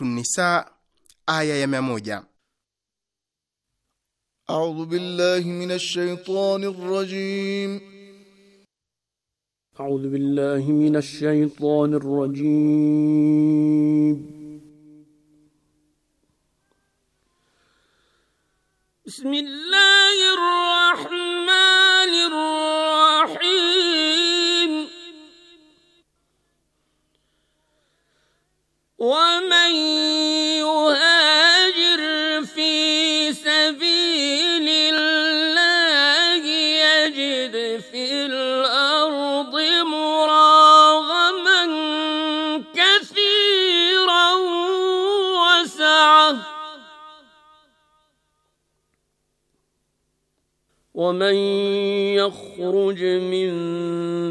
Suratu Nisa aya ya mia moja. A'udhu billahi minash shaitanir rajim. A'udhu billahi minash shaitanir rajim. يخرج من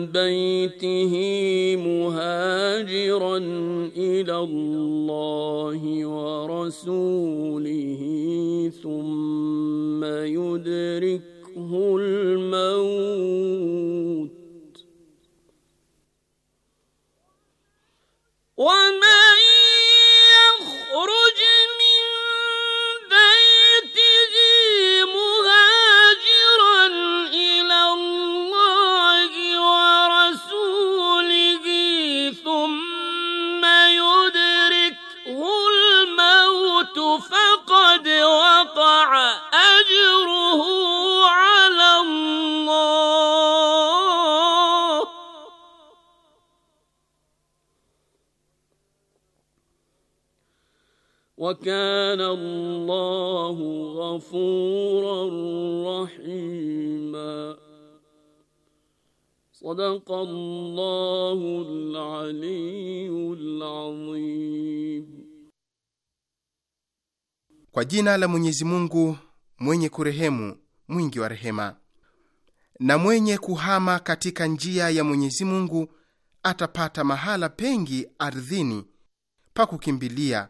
بيته مهاجرا إلى الله ورسوله ثم يدرك kana Allahu ghafuran rahima. Sadaqa Allahu al-aliyyul azim. Kwa jina la Mwenyezi Mungu mwenye kurehemu mwingi wa rehema. Na mwenye kuhama katika njia ya Mwenyezi Mungu atapata mahala pengi ardhini pa kukimbilia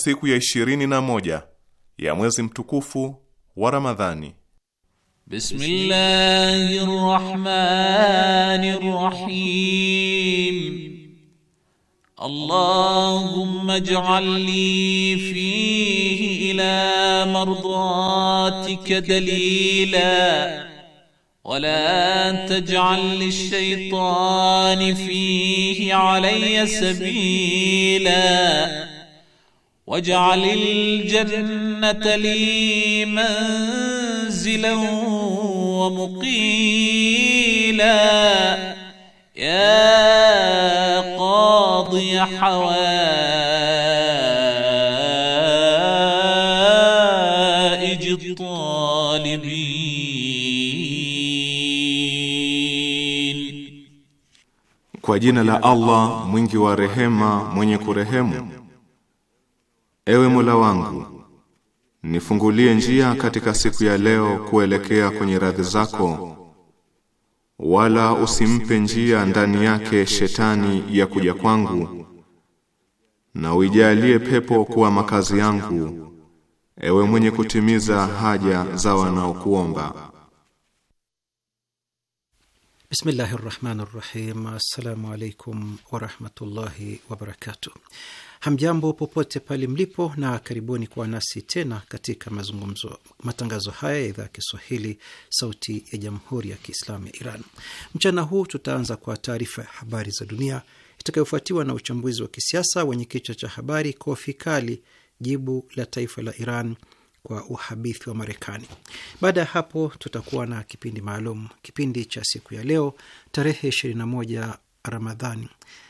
siku ya ishirini na moja ya mwezi mtukufu wa Ramadhani. Bismillahir Rahmanir Rahim. اللهم اجعل لي فيه إلى مرضاتك دليلا ولا تجعل للشيطان فيه علي سبيلا واجعل الجنة لي منزلا ومقيلا يا قاضي حوائج الطالبين Kwa jina la Allah mwingi wa rehema mwenye kurehemu Ewe Mola wangu, nifungulie njia katika siku ya leo kuelekea kwenye radhi zako, wala usimpe njia ndani yake shetani ya kuja kwangu, na uijalie pepo kuwa makazi yangu, ewe mwenye kutimiza haja za wanaokuomba. Bismillahirrahmanirrahim. Assalamu alaykum wa rahmatullahi wa barakatuh. Hamjambo popote pale mlipo, na karibuni kuwa nasi tena katika mazungumzo, matangazo haya ya idhaa ya Kiswahili, Sauti ya Jamhuri ya Kiislamu ya Iran. Mchana huu tutaanza kwa taarifa ya habari za dunia itakayofuatiwa na uchambuzi wa kisiasa wenye kichwa cha habari, kofi kali, jibu la taifa la Iran kwa uhabithi wa Marekani. Baada ya hapo, tutakuwa na kipindi maalum, kipindi cha siku ya leo tarehe 21 Ramadhani,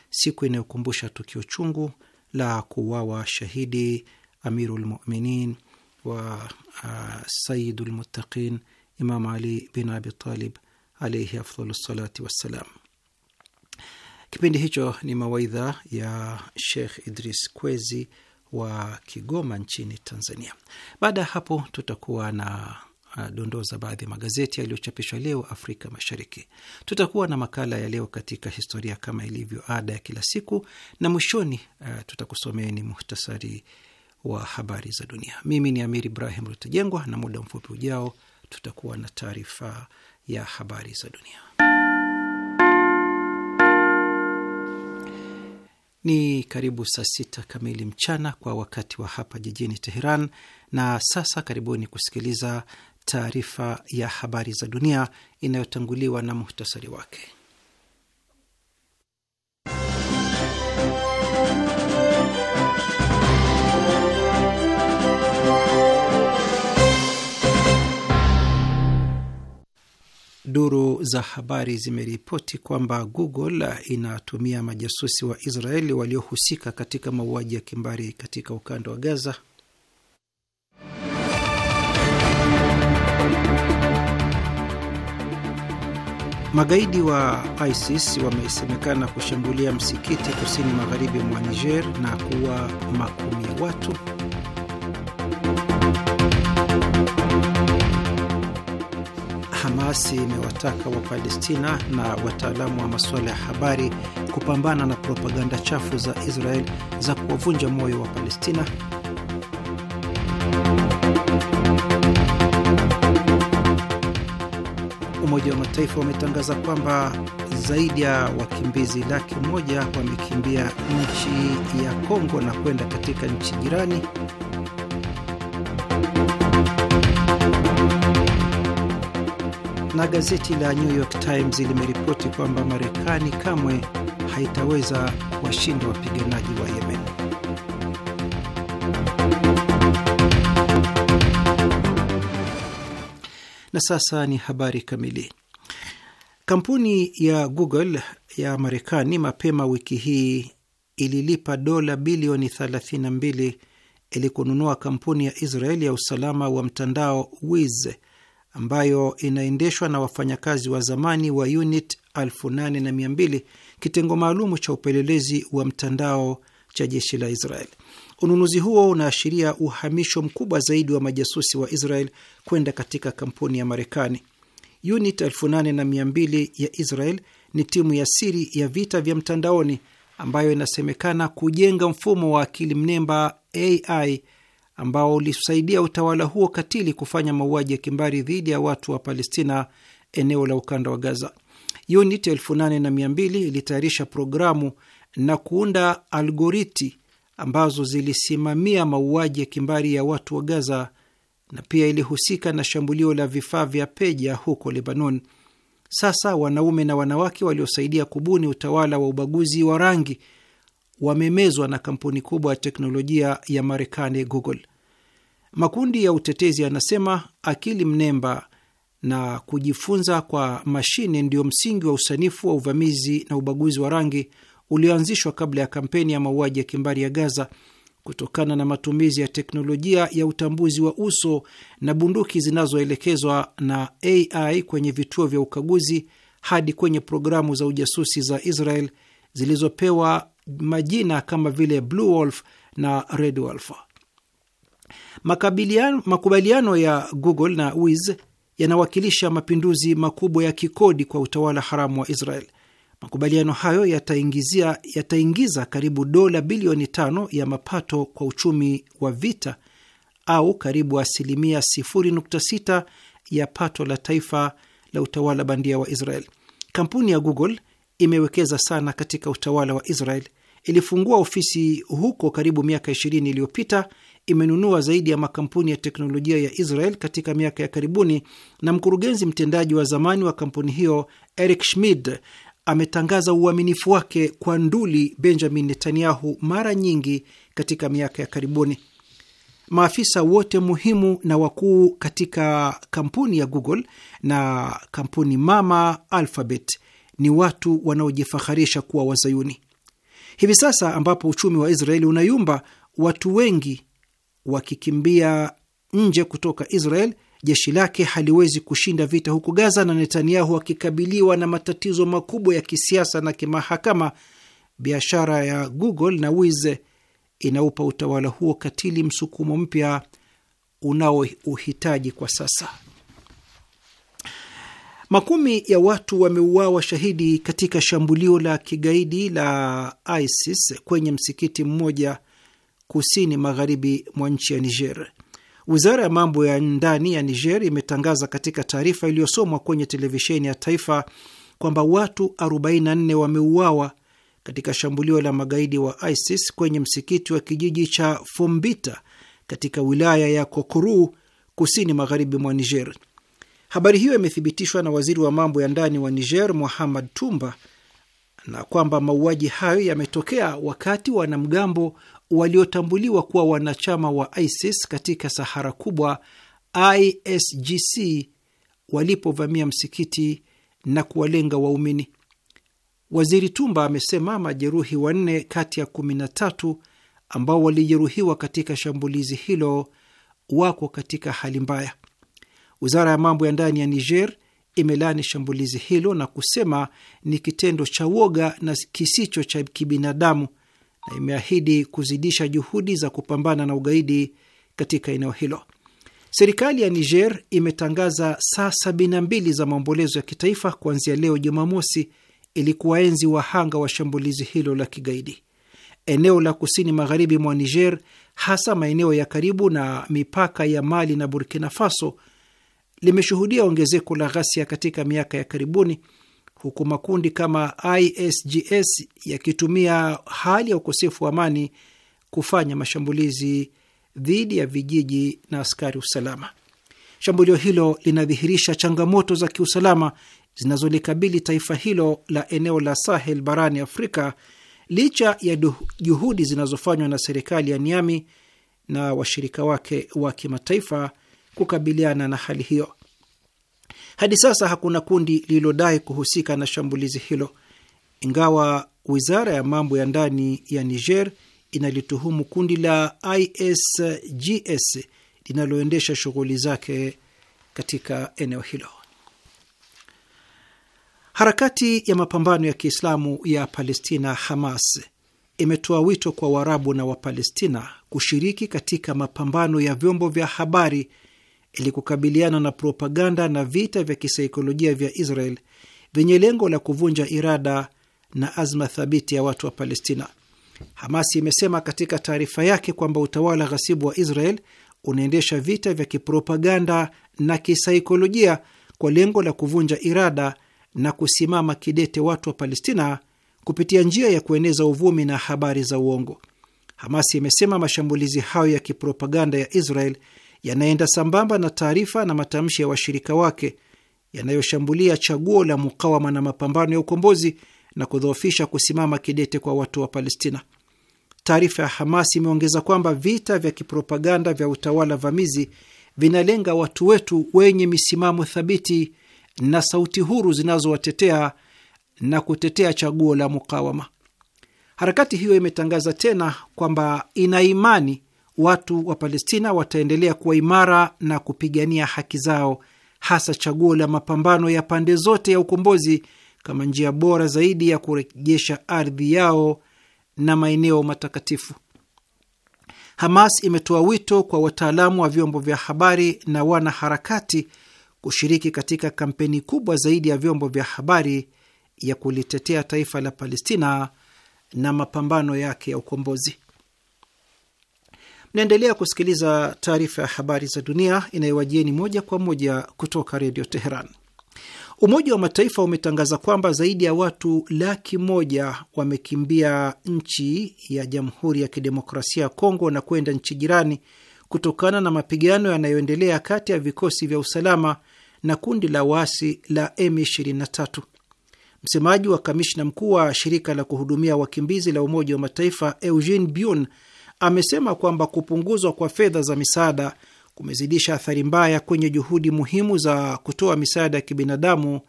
siku inayokumbusha tukio chungu la kuwawa shahidi Amirulmuminin wa uh, Sayidulmuttaqin Imam Ali bin Abitalib alaihi afdhalu salati wassalam. Kipindi hicho ni mawaidha ya shekh Idris Kwezi wa Kigoma nchini Tanzania. Baada ya hapo tutakuwa na dondoo za baadhi ya magazeti yaliyochapishwa leo Afrika Mashariki. Tutakuwa na makala ya leo katika historia kama ilivyo ada ya kila siku, na mwishoni uh, tutakusomeeni muhtasari wa habari za dunia. Mimi ni Amir Ibrahim Rutajengwa, na muda mfupi ujao tutakuwa na taarifa ya habari za dunia. Ni karibu saa sita kamili mchana kwa wakati wa hapa jijini Teheran, na sasa karibuni kusikiliza taarifa ya habari za dunia inayotanguliwa na muhtasari wake. Duru za habari zimeripoti kwamba Google inatumia majasusi wa Israeli waliohusika katika mauaji ya kimbari katika ukanda wa Gaza Magaidi wa ISIS wamesemekana kushambulia msikiti kusini magharibi mwa Niger na kuua makumi ya watu. Hamas imewataka Wapalestina na wataalamu wa masuala ya habari kupambana na propaganda chafu za Israel za kuwavunja moyo wa Palestina. Umoja wa Mataifa wametangaza kwamba zaidi ya wakimbizi laki moja wamekimbia nchi ya Kongo na kwenda katika nchi jirani. Na gazeti la New York Times limeripoti kwamba Marekani kamwe haitaweza washinda wapiganaji wa Yemen. Na sasa ni habari kamili. Kampuni ya Google ya Marekani mapema wiki hii ililipa dola bilioni 32 ili kununua kampuni ya Israeli ya usalama wa mtandao Wiz ambayo inaendeshwa na wafanyakazi wa zamani wa Unit 8200 kitengo maalumu cha upelelezi wa mtandao cha jeshi la Israeli. Ununuzi huo unaashiria uhamisho mkubwa zaidi wa majasusi wa Israel kwenda katika kampuni ya Marekani. Unit 8200 ya Israel ni timu ya siri ya vita vya mtandaoni ambayo inasemekana kujenga mfumo wa akili mnemba AI ambao ulisaidia utawala huo katili kufanya mauaji ya kimbari dhidi ya watu wa Palestina eneo la ukanda wa Gaza. Unit 8200 ilitayarisha programu na kuunda algoriti ambazo zilisimamia mauaji ya kimbari ya watu wa Gaza na pia ilihusika na shambulio la vifaa vya Peja huko Lebanon. Sasa wanaume na wanawake waliosaidia kubuni utawala wa ubaguzi wa rangi wamemezwa na kampuni kubwa ya teknolojia ya Marekani, Google. Makundi ya utetezi yanasema akili mnemba na kujifunza kwa mashine ndio msingi wa usanifu wa uvamizi na ubaguzi wa rangi ulioanzishwa kabla ya kampeni ya mauaji ya kimbari ya Gaza kutokana na matumizi ya teknolojia ya utambuzi wa uso na bunduki zinazoelekezwa na AI kwenye vituo vya ukaguzi hadi kwenye programu za ujasusi za Israel zilizopewa majina kama vile Blue Wolf na Red Wolf. Makubaliano ya Google na Wiz yanawakilisha mapinduzi makubwa ya kikodi kwa utawala haramu wa Israel Makubaliano hayo yataingizia yataingiza karibu dola bilioni tano ya mapato kwa uchumi wa vita au karibu asilimia 0.6 ya pato la taifa la utawala bandia wa Israel. Kampuni ya Google imewekeza sana katika utawala wa Israel. Ilifungua ofisi huko karibu miaka 20 iliyopita, imenunua zaidi ya makampuni ya teknolojia ya Israel katika miaka ya karibuni, na mkurugenzi mtendaji wa zamani wa kampuni hiyo Eric Schmidt ametangaza uaminifu wake kwa nduli Benjamin Netanyahu mara nyingi katika miaka ya karibuni. Maafisa wote muhimu na wakuu katika kampuni ya Google na kampuni mama Alphabet ni watu wanaojifaharisha kuwa Wazayuni. Hivi sasa ambapo uchumi wa Israeli unayumba, watu wengi wakikimbia nje kutoka Israel jeshi lake haliwezi kushinda vita huko Gaza na Netanyahu akikabiliwa na matatizo makubwa ya kisiasa na kimahakama, biashara ya Google na Wiz inaupa utawala huo katili msukumo mpya unaouhitaji kwa sasa. Makumi ya watu wameuawa shahidi katika shambulio la kigaidi la ISIS kwenye msikiti mmoja kusini magharibi mwa nchi ya Niger. Wizara ya mambo ya ndani ya Niger imetangaza katika taarifa iliyosomwa kwenye televisheni ya taifa kwamba watu 44 wameuawa katika shambulio la magaidi wa ISIS kwenye msikiti wa kijiji cha Fombita katika wilaya ya Kokuru kusini magharibi mwa Niger. Habari hiyo imethibitishwa na waziri wa mambo ya ndani wa Niger Muhammad Tumba na kwamba mauaji hayo yametokea wakati wanamgambo waliotambuliwa kuwa wanachama wa ISIS katika Sahara Kubwa, ISGC, walipovamia msikiti na kuwalenga waumini. Waziri Tumba amesema majeruhi wanne kati ya kumi na tatu ambao walijeruhiwa katika shambulizi hilo wako katika hali mbaya. Wizara ya mambo ya ndani ya Niger imelaani shambulizi hilo na kusema ni kitendo cha woga na kisicho cha kibinadamu na imeahidi kuzidisha juhudi za kupambana na ugaidi katika eneo hilo. Serikali ya Niger imetangaza saa 72 za maombolezo ya kitaifa kuanzia leo Jumamosi ili kuwaenzi wahanga wa shambulizi hilo la kigaidi. Eneo la kusini magharibi mwa Niger, hasa maeneo ya karibu na mipaka ya Mali na Burkina Faso, limeshuhudia ongezeko la ghasia katika miaka ya karibuni huku makundi kama ISGS yakitumia hali ya ukosefu wa amani kufanya mashambulizi dhidi ya vijiji na askari usalama. Shambulio hilo linadhihirisha changamoto za kiusalama zinazolikabili taifa hilo la eneo la Sahel barani Afrika licha ya juhudi zinazofanywa na serikali ya Niami na washirika wake wa kimataifa kukabiliana na hali hiyo. Hadi sasa hakuna kundi lililodai kuhusika na shambulizi hilo, ingawa wizara ya mambo ya ndani ya Niger inalituhumu kundi la ISGS linaloendesha shughuli zake katika eneo hilo. Harakati ya mapambano ya Kiislamu ya Palestina, Hamas, imetoa wito kwa Waarabu na Wapalestina kushiriki katika mapambano ya vyombo vya habari ili kukabiliana na propaganda na vita vya kisaikolojia vya Israel vyenye lengo la kuvunja irada na azma thabiti ya watu wa Palestina. Hamasi imesema katika taarifa yake kwamba utawala ghasibu wa Israel unaendesha vita vya kipropaganda na kisaikolojia kwa lengo la kuvunja irada na kusimama kidete watu wa Palestina kupitia njia ya kueneza uvumi na habari za uongo. Hamasi imesema mashambulizi hayo ya kipropaganda ya Israel yanaenda sambamba na taarifa na matamshi ya washirika wake yanayoshambulia chaguo la mukawama na mapambano ya ukombozi na kudhoofisha kusimama kidete kwa watu wa Palestina. Taarifa ya Hamas imeongeza kwamba vita vya kipropaganda vya utawala vamizi vinalenga watu wetu wenye misimamo thabiti na sauti huru zinazowatetea na kutetea chaguo la mukawama. Harakati hiyo imetangaza tena kwamba ina imani watu wa Palestina wataendelea kuwa imara na kupigania haki zao, hasa chaguo la mapambano ya pande zote ya ukombozi kama njia bora zaidi ya kurejesha ardhi yao na maeneo matakatifu. Hamas imetoa wito kwa wataalamu wa vyombo vya habari na wanaharakati kushiriki katika kampeni kubwa zaidi ya vyombo vya habari ya kulitetea taifa la Palestina na mapambano yake ya ukombozi naendelea kusikiliza taarifa ya habari za dunia inayowajieni moja kwa moja kutoka redio Teheran. Umoja wa Mataifa umetangaza kwamba zaidi ya watu laki moja wamekimbia nchi ya Jamhuri ya Kidemokrasia ya Kongo na kwenda nchi jirani kutokana na mapigano yanayoendelea kati ya vikosi vya usalama na kundi la waasi la M23. Msemaji wa kamishna mkuu wa shirika la kuhudumia wakimbizi la Umoja wa Mataifa Eugene Bion amesema kwamba kupunguzwa kwa fedha za misaada kumezidisha athari mbaya kwenye juhudi muhimu za kutoa misaada ya kibinadamu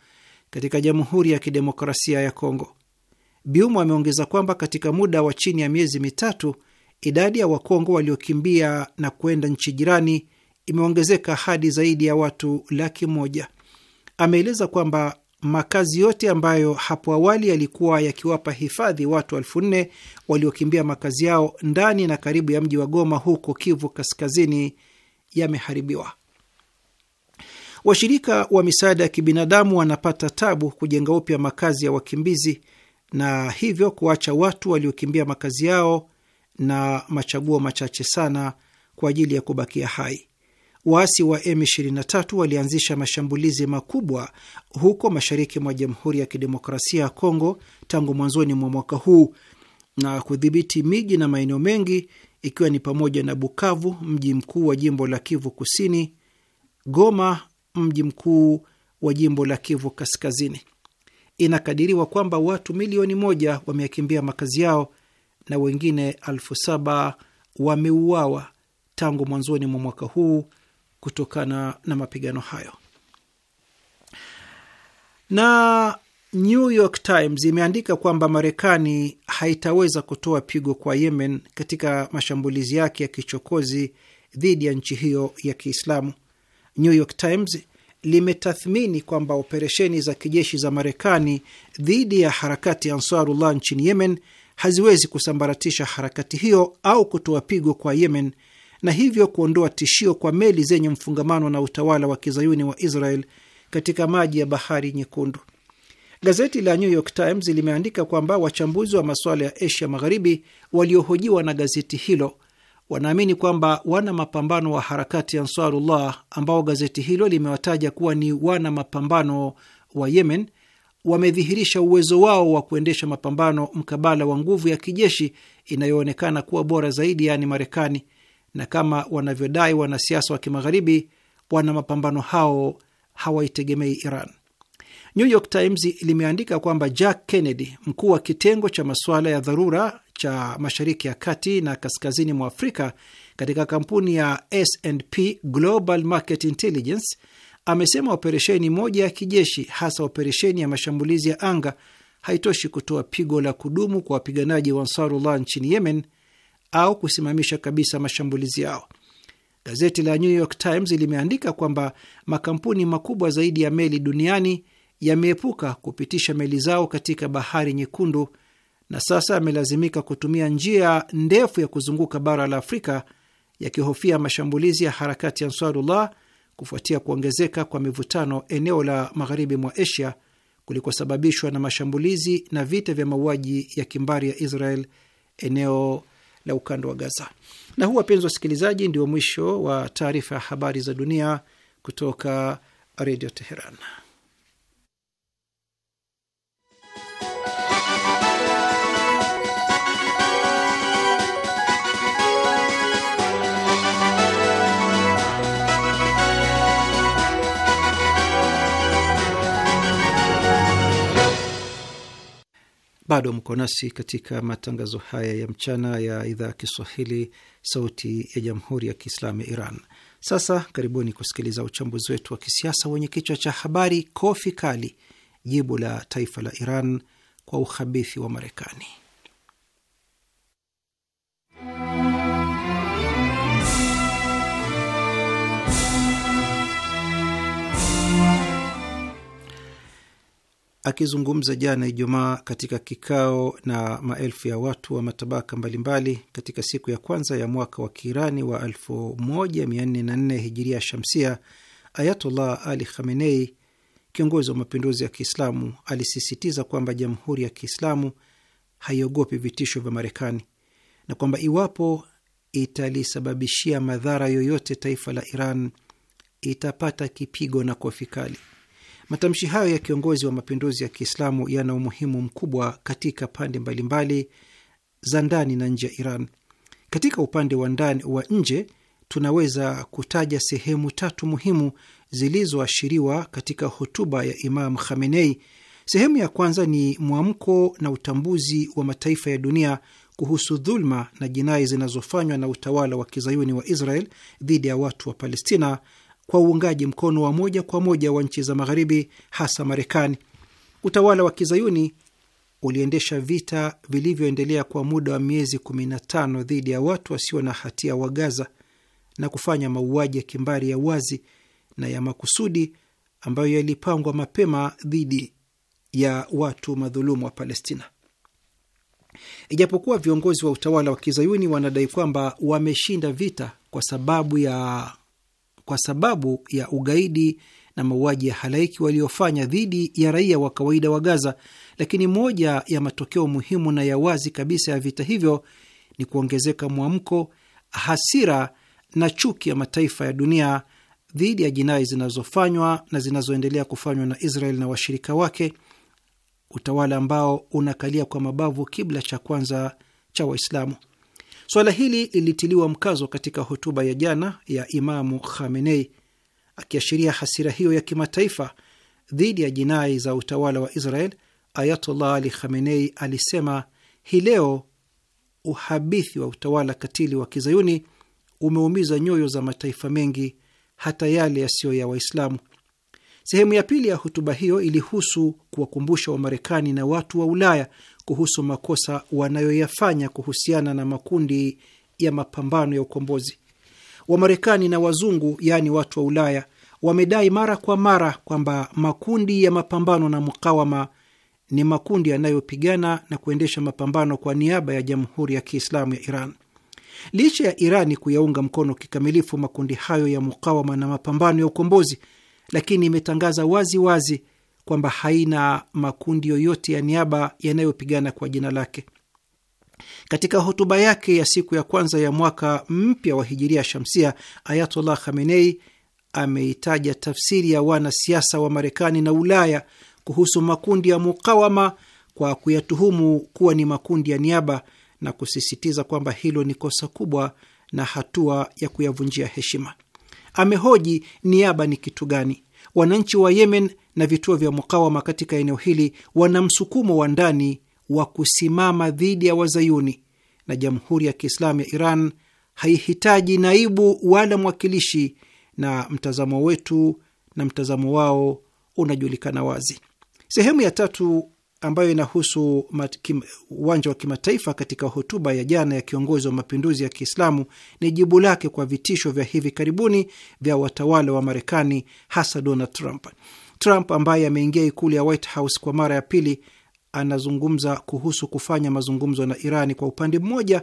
katika Jamhuri ya Kidemokrasia ya Kongo. Biumu ameongeza kwamba katika muda wa chini ya miezi mitatu idadi ya Wakongo waliokimbia na kuenda nchi jirani imeongezeka hadi zaidi ya watu laki moja. Ameeleza kwamba makazi yote ambayo hapo awali yalikuwa yakiwapa hifadhi watu elfu nne waliokimbia makazi yao ndani na karibu ya mji wa Goma huko Kivu Kaskazini yameharibiwa. Washirika wa misaada ya kibinadamu wanapata tabu kujenga upya makazi ya wakimbizi na hivyo kuacha watu waliokimbia makazi yao na machaguo machache sana kwa ajili ya kubakia hai waasi wa M23 walianzisha mashambulizi makubwa huko mashariki mwa Jamhuri ya Kidemokrasia ya Kongo tangu mwanzoni mwa mwaka huu na kudhibiti miji na maeneo mengi ikiwa ni pamoja na Bukavu, mji mkuu wa jimbo la Kivu Kusini, Goma, mji mkuu wa jimbo la Kivu Kaskazini. Inakadiriwa kwamba watu milioni moja wameyakimbia makazi yao na wengine elfu saba wameuawa tangu mwanzoni mwa mwaka huu kutokana na mapigano hayo. Na New York Times imeandika kwamba Marekani haitaweza kutoa pigo kwa Yemen katika mashambulizi yake ya kichokozi dhidi ya nchi hiyo ya Kiislamu. New York Times limetathmini kwamba operesheni za kijeshi za Marekani dhidi ya harakati ya Ansarullah nchini Yemen haziwezi kusambaratisha harakati hiyo au kutoa pigo kwa Yemen na hivyo kuondoa tishio kwa meli zenye mfungamano na utawala wa kizayuni wa Israel katika maji ya bahari Nyekundu. Gazeti la New York Times limeandika kwamba wachambuzi wa masuala ya Asia Magharibi waliohojiwa na gazeti hilo wanaamini kwamba wana mapambano wa harakati ya Ansarullah ambao gazeti hilo limewataja kuwa ni wana mapambano wa Yemen wamedhihirisha uwezo wao wa kuendesha mapambano mkabala wa nguvu ya kijeshi inayoonekana kuwa bora zaidi, yaani Marekani, na kama wanavyodai wanasiasa wa Kimagharibi, wana mapambano hao hawaitegemei Iran. New York Times limeandika kwamba Jack Kennedy, mkuu wa kitengo cha masuala ya dharura cha Mashariki ya Kati na kaskazini mwa Afrika katika kampuni ya S&P Global Market Intelligence, amesema operesheni moja ya kijeshi, hasa operesheni ya mashambulizi ya anga, haitoshi kutoa pigo la kudumu kwa wapiganaji wa Ansarullah nchini Yemen au kusimamisha kabisa mashambulizi yao. Gazeti la New York Times limeandika kwamba makampuni makubwa zaidi ya meli duniani yameepuka kupitisha meli zao katika bahari nyekundu na sasa yamelazimika kutumia njia ndefu ya kuzunguka bara la Afrika yakihofia mashambulizi ya harakati ya Ansarullah kufuatia kuongezeka kwa mivutano eneo la magharibi mwa Asia kulikosababishwa na mashambulizi na vita vya mauaji ya kimbari ya Israel eneo la ukanda wa Gaza. Na huu, wapenzi wasikilizaji, ndio mwisho wa taarifa ya habari za dunia kutoka Redio Teheran. Bado mko nasi katika matangazo haya ya mchana ya idhaa ya Kiswahili, Sauti ya Jamhuri ya Kiislamu ya Iran. Sasa karibuni kusikiliza uchambuzi wetu wa kisiasa wenye kichwa cha habari, kofi kali, jibu la taifa la Iran kwa uhabithi wa Marekani. Akizungumza jana Ijumaa katika kikao na maelfu ya watu wa matabaka mbalimbali katika siku ya kwanza ya mwaka wa Kiirani wa 1404 hijiria shamsia, Ayatullah Ali Khamenei, kiongozi wa mapinduzi ya Kiislamu, alisisitiza kwamba jamhuri ya Kiislamu haiogopi vitisho vya Marekani na kwamba iwapo italisababishia madhara yoyote taifa la Iran itapata kipigo na kofi kali. Matamshi hayo ya kiongozi wa mapinduzi ya Kiislamu yana umuhimu mkubwa katika pande mbalimbali za ndani na nje ya Iran. Katika upande wa ndani wa nje, tunaweza kutaja sehemu tatu muhimu zilizoashiriwa katika hotuba ya Imam Khamenei. Sehemu ya kwanza ni mwamko na utambuzi wa mataifa ya dunia kuhusu dhuluma na jinai zinazofanywa na utawala wa kizayuni wa Israel dhidi ya watu wa Palestina kwa uungaji mkono wa moja kwa moja wa nchi za Magharibi, hasa Marekani. Utawala wa kizayuni uliendesha vita vilivyoendelea kwa muda wa miezi 15 dhidi ya watu wasio na hatia wa Gaza na kufanya mauaji ya kimbari ya wazi na ya makusudi ambayo yalipangwa mapema dhidi ya watu madhulumu wa Palestina. Ijapokuwa viongozi wa utawala wa kizayuni wanadai kwamba wameshinda vita kwa sababu ya kwa sababu ya ugaidi na mauaji ya halaiki waliofanya dhidi ya raia wa kawaida wa Gaza, lakini moja ya matokeo muhimu na ya wazi kabisa ya vita hivyo ni kuongezeka mwamko, hasira na chuki ya mataifa ya dunia dhidi ya jinai zinazofanywa na zinazoendelea kufanywa na Israel na washirika wake, utawala ambao unakalia kwa mabavu kibla cha kwanza cha Waislamu. Swala hili lilitiliwa mkazo katika hotuba ya jana ya Imamu Khamenei, akiashiria hasira hiyo ya kimataifa dhidi ya jinai za utawala wa Israel. Ayatullah Ali Khamenei alisema hii leo uhabithi wa utawala katili wa kizayuni umeumiza nyoyo za mataifa mengi hata yale yasiyo ya Waislamu. Sehemu ya pili ya hotuba hiyo ilihusu kuwakumbusha Wamarekani na watu wa Ulaya kuhusu makosa wanayoyafanya kuhusiana na makundi ya mapambano ya ukombozi. Wamarekani na wazungu, yaani watu wa Ulaya, wamedai mara kwa mara kwamba makundi ya mapambano na mukawama ni makundi yanayopigana na kuendesha mapambano kwa niaba ya Jamhuri ya Kiislamu ya Iran. Licha ya Irani kuyaunga mkono kikamilifu makundi hayo ya mukawama na mapambano ya ukombozi, lakini imetangaza wazi wazi kwamba haina makundi yoyote ya niaba yanayopigana kwa jina lake. Katika hotuba yake ya siku ya kwanza ya mwaka mpya wa hijiria shamsia, Ayatollah Khamenei ameitaja tafsiri ya wanasiasa wa Marekani na Ulaya kuhusu makundi ya mukawama kwa kuyatuhumu kuwa ni makundi ya niaba na kusisitiza kwamba hilo ni kosa kubwa na hatua ya kuyavunjia heshima. Amehoji niaba ni kitu gani Wananchi wa Yemen na vituo vya mukawama katika eneo hili wana msukumo wa ndani wa kusimama dhidi ya Wazayuni, na Jamhuri ya Kiislamu ya Iran haihitaji naibu wala mwakilishi, na mtazamo wetu na mtazamo wao unajulikana wazi. Sehemu ya tatu ambayo inahusu uwanja wa kimataifa katika hotuba ya jana ya kiongozi wa mapinduzi ya Kiislamu ni jibu lake kwa vitisho vya hivi karibuni vya watawala wa Marekani, hasa Donald Trump. Trump ambaye ameingia ikulu ya White House kwa mara ya pili anazungumza kuhusu kufanya mazungumzo na Irani kwa upande mmoja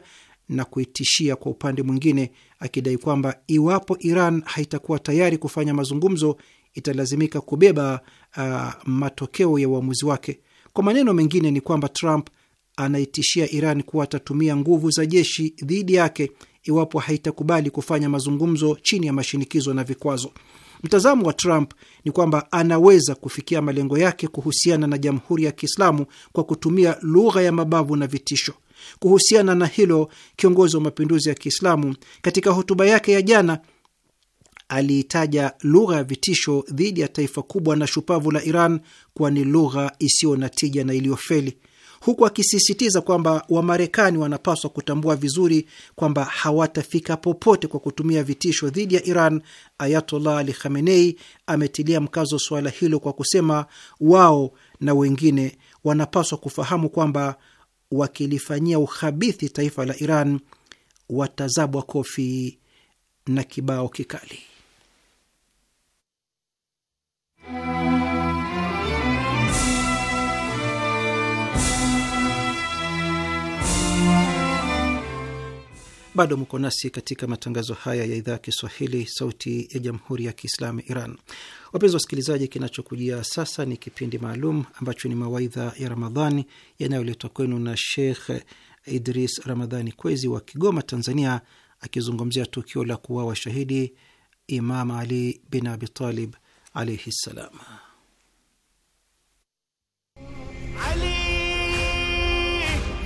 na kuitishia kwa upande mwingine, akidai kwamba iwapo Iran haitakuwa tayari kufanya mazungumzo italazimika kubeba uh, matokeo ya uamuzi wake. Kwa maneno mengine ni kwamba Trump anaitishia Iran kuwa atatumia nguvu za jeshi dhidi yake iwapo haitakubali kufanya mazungumzo chini ya mashinikizo na vikwazo. Mtazamo wa Trump ni kwamba anaweza kufikia malengo yake kuhusiana na Jamhuri ya Kiislamu kwa kutumia lugha ya mabavu na vitisho. Kuhusiana na hilo, kiongozi wa mapinduzi ya Kiislamu katika hotuba yake ya jana aliitaja lugha ya vitisho dhidi ya taifa kubwa na shupavu la Iran kuwa ni lugha isiyo na tija na iliyofeli, huku akisisitiza kwamba Wamarekani wanapaswa kutambua vizuri kwamba hawatafika popote kwa kutumia vitisho dhidi ya Iran. Ayatollah Ali Khamenei ametilia mkazo suala hilo kwa kusema, wao na wengine wanapaswa kufahamu kwamba wakilifanyia ukhabithi taifa la Iran watazabwa kofi na kibao kikali. Bado mko nasi katika matangazo haya ya idhaa ya Kiswahili, sauti ya jamhuri ya kiislamu Iran. Wapenzi wasikilizaji, kinachokujia sasa ni kipindi maalum ambacho ni mawaidha ya Ramadhani yanayoletwa kwenu na Sheikh Idris Ramadhani Kwezi wa Kigoma, Tanzania, akizungumzia tukio la kuwawa shahidi Imam Ali bin Abi Talib عليه السلام علي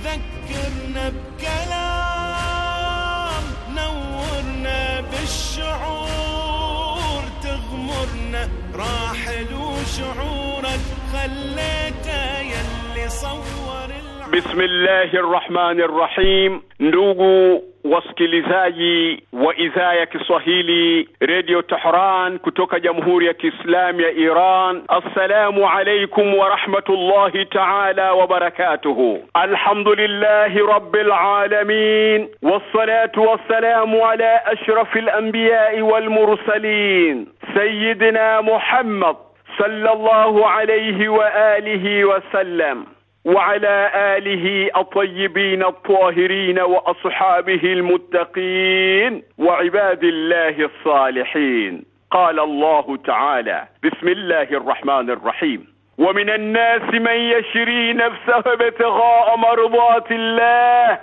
ذكرنا بكلام نورنا بالشعور تغمرنا راحل وشعورك خليته يلي صور Bismillahi rahmani rahim. Ndugu wasikilizaji wa idhaa ya Kiswahili redio Tehran kutoka jamhuri ya Kiislamu ya Iran, assalamu alaikum wa rahmatullahi taala wa barakatuhu. Alhamdulillahi rabbil alamin wassalatu wassalamu ala ashrafil anbiyai wal mursalin sayyidina Muhammad sallallahu alayhi wa alihi wa sallam وعلى آله الطيبين الطاهرين وأصحابه المتقين وعباد الله الصالحين قال الله تعالى بسم الله الرحمن الرحيم ومن الناس من يشري نفسه ابتغاء مرضات الله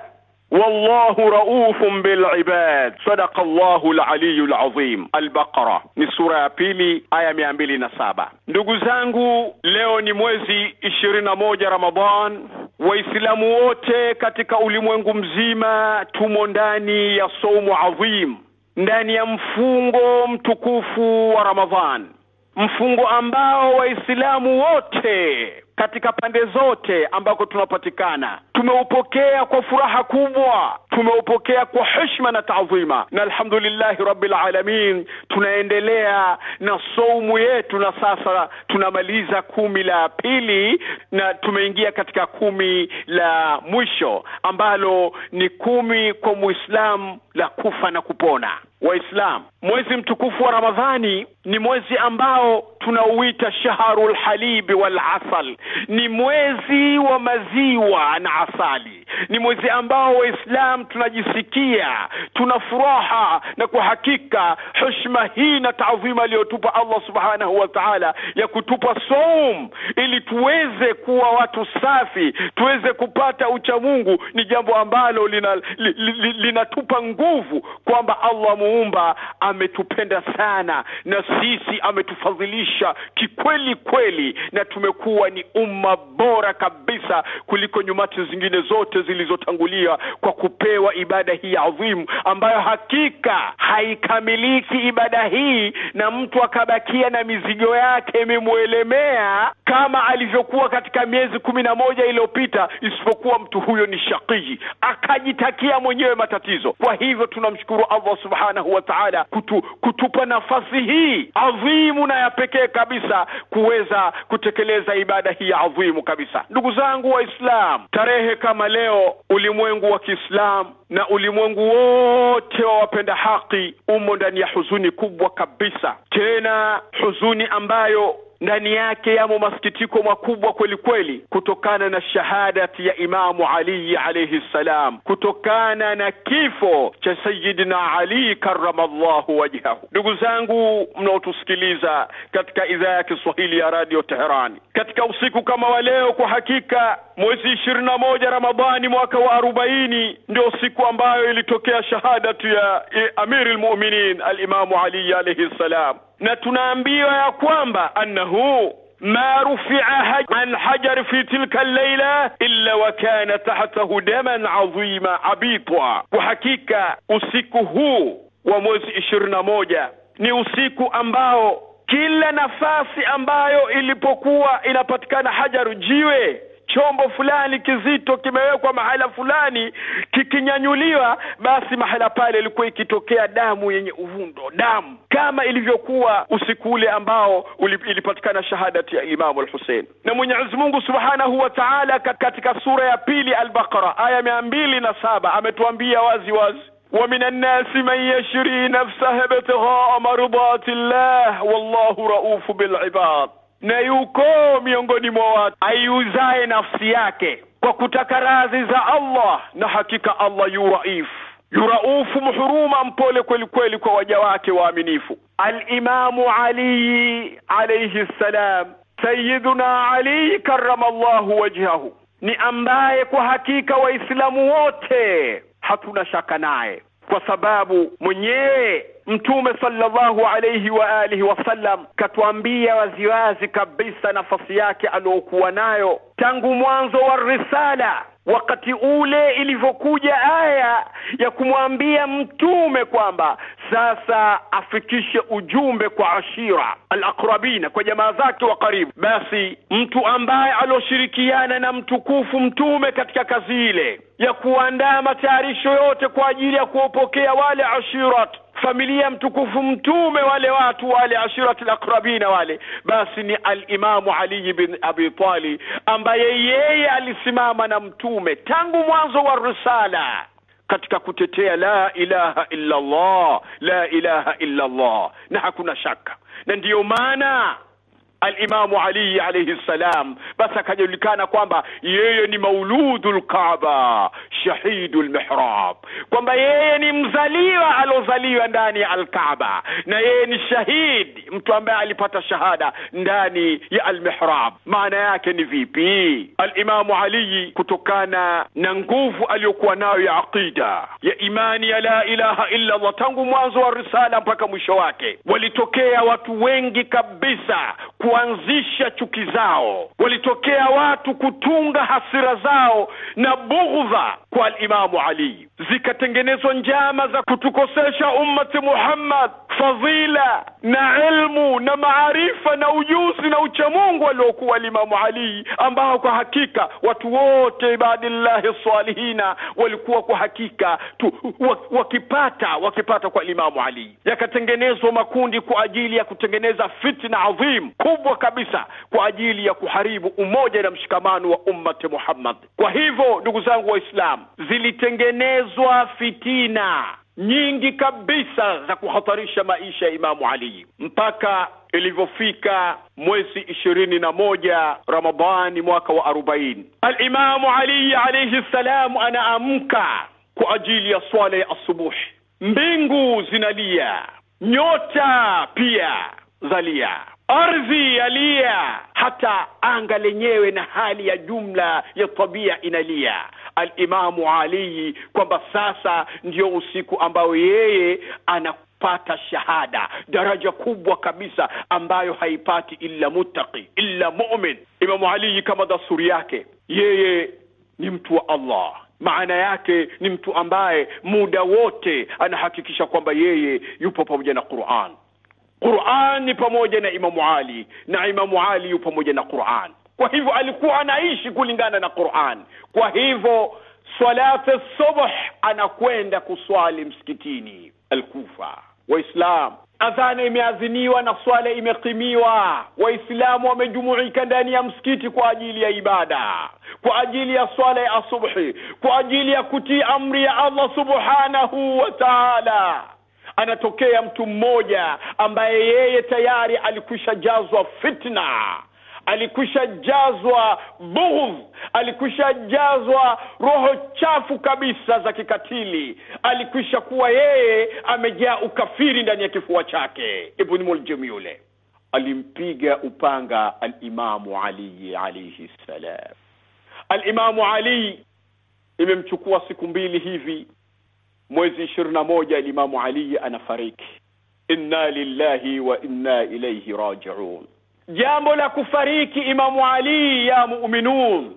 wallahu raufun bil ibad, sadaqa Allahu al-aliyul ni sura ya pili aya mia mbili na saba. Ndugu zangu, leo ni mwezi ishirini na moja Ramadhan. Waislamu wote katika ulimwengu mzima tumo ndani ya saumu adhim, ndani ya mfungo mtukufu wa Ramadhan, mfungo ambao Waislamu wote katika pande zote ambako tunapatikana. Tumeupokea kwa furaha kubwa, tumeupokea kwa heshima na taadhima, na alhamdulillahi rabbil alamin. Tunaendelea na saumu yetu, na sasa tunamaliza kumi la pili na tumeingia katika kumi la mwisho ambalo ni kumi kwa Muislamu la kufa na kupona. Waislamu, mwezi mtukufu wa Ramadhani ni mwezi ambao tunauita shaharu lhalibi wal asal, ni mwezi wa maziwa na asali, ni mwezi ambao Waislamu tunajisikia tuna furaha na kwa hakika heshima hii na taadhima aliyotupa Allah subhanahu wa ta'ala ya kutupa soum ili tuweze kuwa watu safi, tuweze kupata uchamungu, ni jambo ambalo linatupa li, li, nguvu kwamba Allah muumba ametupenda sana na sisi ametufadhilisha kikweli kweli, na tumekuwa ni umma bora kabisa kuliko nyumati zingine zote zilizotangulia kwa kupewa ibada hii adhimu, ambayo hakika haikamiliki ibada hii na mtu akabakia na mizigo yake imemwelemea kama alivyokuwa katika miezi kumi na moja iliyopita, isipokuwa mtu huyo ni shakiji akajitakia mwenyewe matatizo. Kwa hii hivyo tunamshukuru allah subhanahu wa taala kutu, kutupa nafasi hii adhimu na ya pekee kabisa kuweza kutekeleza ibada hii adhimu kabisa ndugu zangu waislam tarehe kama leo ulimwengu wa kiislamu na ulimwengu wote wa wapenda haki umo ndani ya huzuni kubwa kabisa tena huzuni ambayo ndani yake yamo masikitiko makubwa kweli kweli, kutokana na shahadati ya Imamu Ali alayhi salam, kutokana na kifo cha Sayyidina Ali karamallahu wajhahu. Ndugu zangu mnaotusikiliza katika idhaa ya Kiswahili ya Radio Teherani, katika usiku kama wa leo, kwa hakika mwezi ishirini na moja Ramadhani mwaka wa arobaini ndio siku ambayo ilitokea shahadatu ya e, Amiri lmuminin Alimamu Ali alaihi ssalam, na tunaambiwa ya kwamba annahu ma rufia an hajar fi tilka llaila illa wa kana tahtahu daman adhima abitwa. Kwa hakika usiku huu wa mwezi ishirini na moja ni usiku ambao kila nafasi ambayo ilipokuwa inapatikana hajaru jiwe chombo fulani kizito kimewekwa mahala fulani, kikinyanyuliwa, basi mahala pale ilikuwa ikitokea damu yenye uvundo, damu kama ilivyokuwa usiku ule ambao ilipatikana shahadati ya Imamu al-Hussein. Na Mwenyezi Mungu Subhanahu wa Ta'ala katika sura ya pili al-Baqara aya mia mbili na saba ametuambia wazi wazi wa minan nasi man yashri nafsahu ibtighaa mardati llah wallahu raufu bil ibad na yuko miongoni mwa watu aiuzaye nafsi yake kwa kutaka radhi za Allah, na hakika Allah yu raifu yuraufu mhuruma, mpole kweli kweli kwa waja wake waaminifu. Alimamu Ali alayhi salam, Sayyiduna Ali karamallahu wajhahu, ni ambaye kwa hakika Waislamu wote hatuna shaka naye kwa sababu mwenyewe Mtume sallallahu alayhi wa alihi wasallam katuambia waziwazi kabisa nafasi yake aliyokuwa nayo tangu mwanzo wa risala wakati ule ilivyokuja aya ya kumwambia mtume kwamba sasa afikishe ujumbe kwa ashira alaqrabina, kwa jamaa zake wa karibu. Basi mtu ambaye alioshirikiana na mtukufu mtume katika kazi ile ya kuandaa matayarisho yote kwa ajili ya kuwapokea wale ashirat familia mtukufu mtume wale watu wale ashiratul akrabina wale basi ni alimamu ali bin abi talib ambaye yeye alisimama na mtume tangu mwanzo wa risala katika kutetea la ilaha illa allah la ilaha illa allah na hakuna shaka na ndiyo maana alimamu Ali alayhi salam, basi akajulikana kwamba yeye ni mauludu lkaaba shahidu lmihrab, kwamba yeye ni mzaliwa aliozaliwa ndani ya Alkaaba na yeye ni shahid mtu ambaye alipata shahada ndani ya almihrab. Maana yake ni vipi? Alimamu Ali kutokana na nguvu aliyokuwa nayo ya aqida ya imani ya la ilaha illa Allah tangu mwanzo wa risala mpaka mwisho wake, walitokea watu wengi kabisa ku kuanzisha chuki zao, walitokea watu kutunga hasira zao na bughudha kwa alimamu Ali, zikatengenezwa njama za kutukosesha ummati Muhammad fadhila na ilmu na maarifa na ujuzi na uchamungu aliokuwa alimamu Ali, ambao kwa hakika watu wote ibadillahi salihina walikuwa kwa hakika tu wakipata wakipata kwa alimamu Ali. Yakatengenezwa makundi kwa ajili ya kutengeneza fitna adhim kubwa kabisa kwa ajili ya kuharibu umoja na mshikamano wa ummati Muhammad. Kwa hivyo ndugu zangu Waislam, Islam zilitengenezwa fitina nyingi kabisa za kuhatarisha maisha ya Imamu Ali mpaka ilivyofika mwezi ishirini na moja Ramadhani mwaka wa arobaini Alimamu Ali alayhi ssalamu anaamka kwa ajili ya swala ya asubuhi, mbingu zinalia, nyota pia zalia, ardhi yalia, hata anga lenyewe na hali ya jumla ya tabia inalia. Alimamu Ali kwamba sasa ndio usiku ambao yeye ana pata shahada, daraja kubwa kabisa ambayo haipati illa muttaqi, illa mu'min. Imamu Ali kama dasturi yake, yeye ni mtu wa Allah, maana yake ni mtu ambaye muda wote anahakikisha kwamba yeye yupo pamoja na Qur'an. Qur'an ni pamoja na Imamu Ali na Imamu Ali yupo pamoja na Qur'an kwa hivyo alikuwa anaishi kulingana na quran kwa hivyo salati subh anakwenda kuswali msikitini alkufa waislam adhana imeadhiniwa na swala imekimiwa waislamu wamejumuika ndani ya msikiti kwa ajili ya ibada kwa ajili ya swala ya asubuhi kwa ajili ya kutii amri ya allah subhanahu wa taala anatokea mtu mmoja ambaye yeye tayari alikwishajazwa fitna alikwisha jazwa bughudh, alikwisha jazwa roho chafu kabisa za kikatili, alikwisha kuwa yeye amejaa ukafiri ndani ya kifua chake. Ibn Muljim yule alimpiga upanga Alimamu Ali alaihi ssalam. Alimamu Ali imemchukua siku mbili hivi, mwezi ishirini na moja Alimamu Ali anafariki. Inna lillahi wa inna ilaihi rajiun. Jambo la kufariki Imamu Ali ya muuminun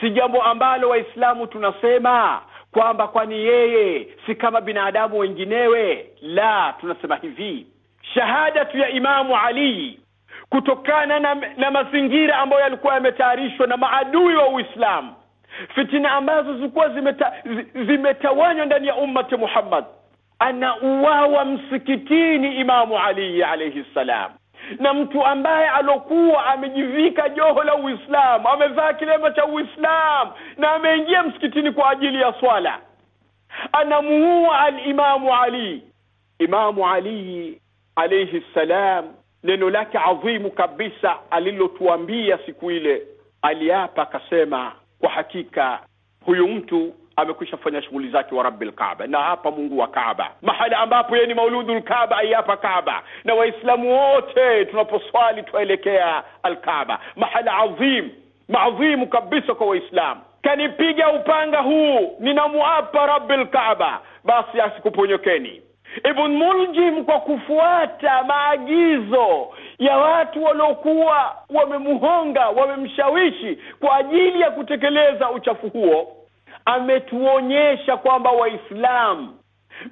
si jambo ambalo Waislamu tunasema kwamba kwani yeye si kama binadamu wenginewe. La, tunasema hivi shahadatu ya Imamu Ali kutokana na, na mazingira ambayo yalikuwa yametayarishwa na maadui wa Uislamu, fitina ambazo zilikuwa zimeta, zimetawanywa ndani ya ummati Muhammad, anauawa msikitini Imamu Ali alayhi salam na mtu ambaye alokuwa amejivika joho la uislamu amevaa kilema cha uislamu na ameingia msikitini kwa ajili ya swala anamuua alimamu ali imamu ali alayhi ssalam neno lake adhimu kabisa alilotuambia siku ile aliapa akasema kwa hakika huyu mtu amekwisha fanya shughuli zake wa rabbil kaaba na hapa mungu wa kaaba mahala ambapo yeye ni mauludul kaaba aiapa kaaba na waislamu wote tunaposwali twaelekea alkaaba mahala adhim maadhimu kabisa kwa waislamu kanipiga upanga huu ninamuapa rabbil kaaba basi asikuponyokeni ibn muljim kwa kufuata maagizo ya watu waliokuwa wamemuhonga wamemshawishi kwa ajili ya kutekeleza uchafu huo ametuonyesha kwamba waislamu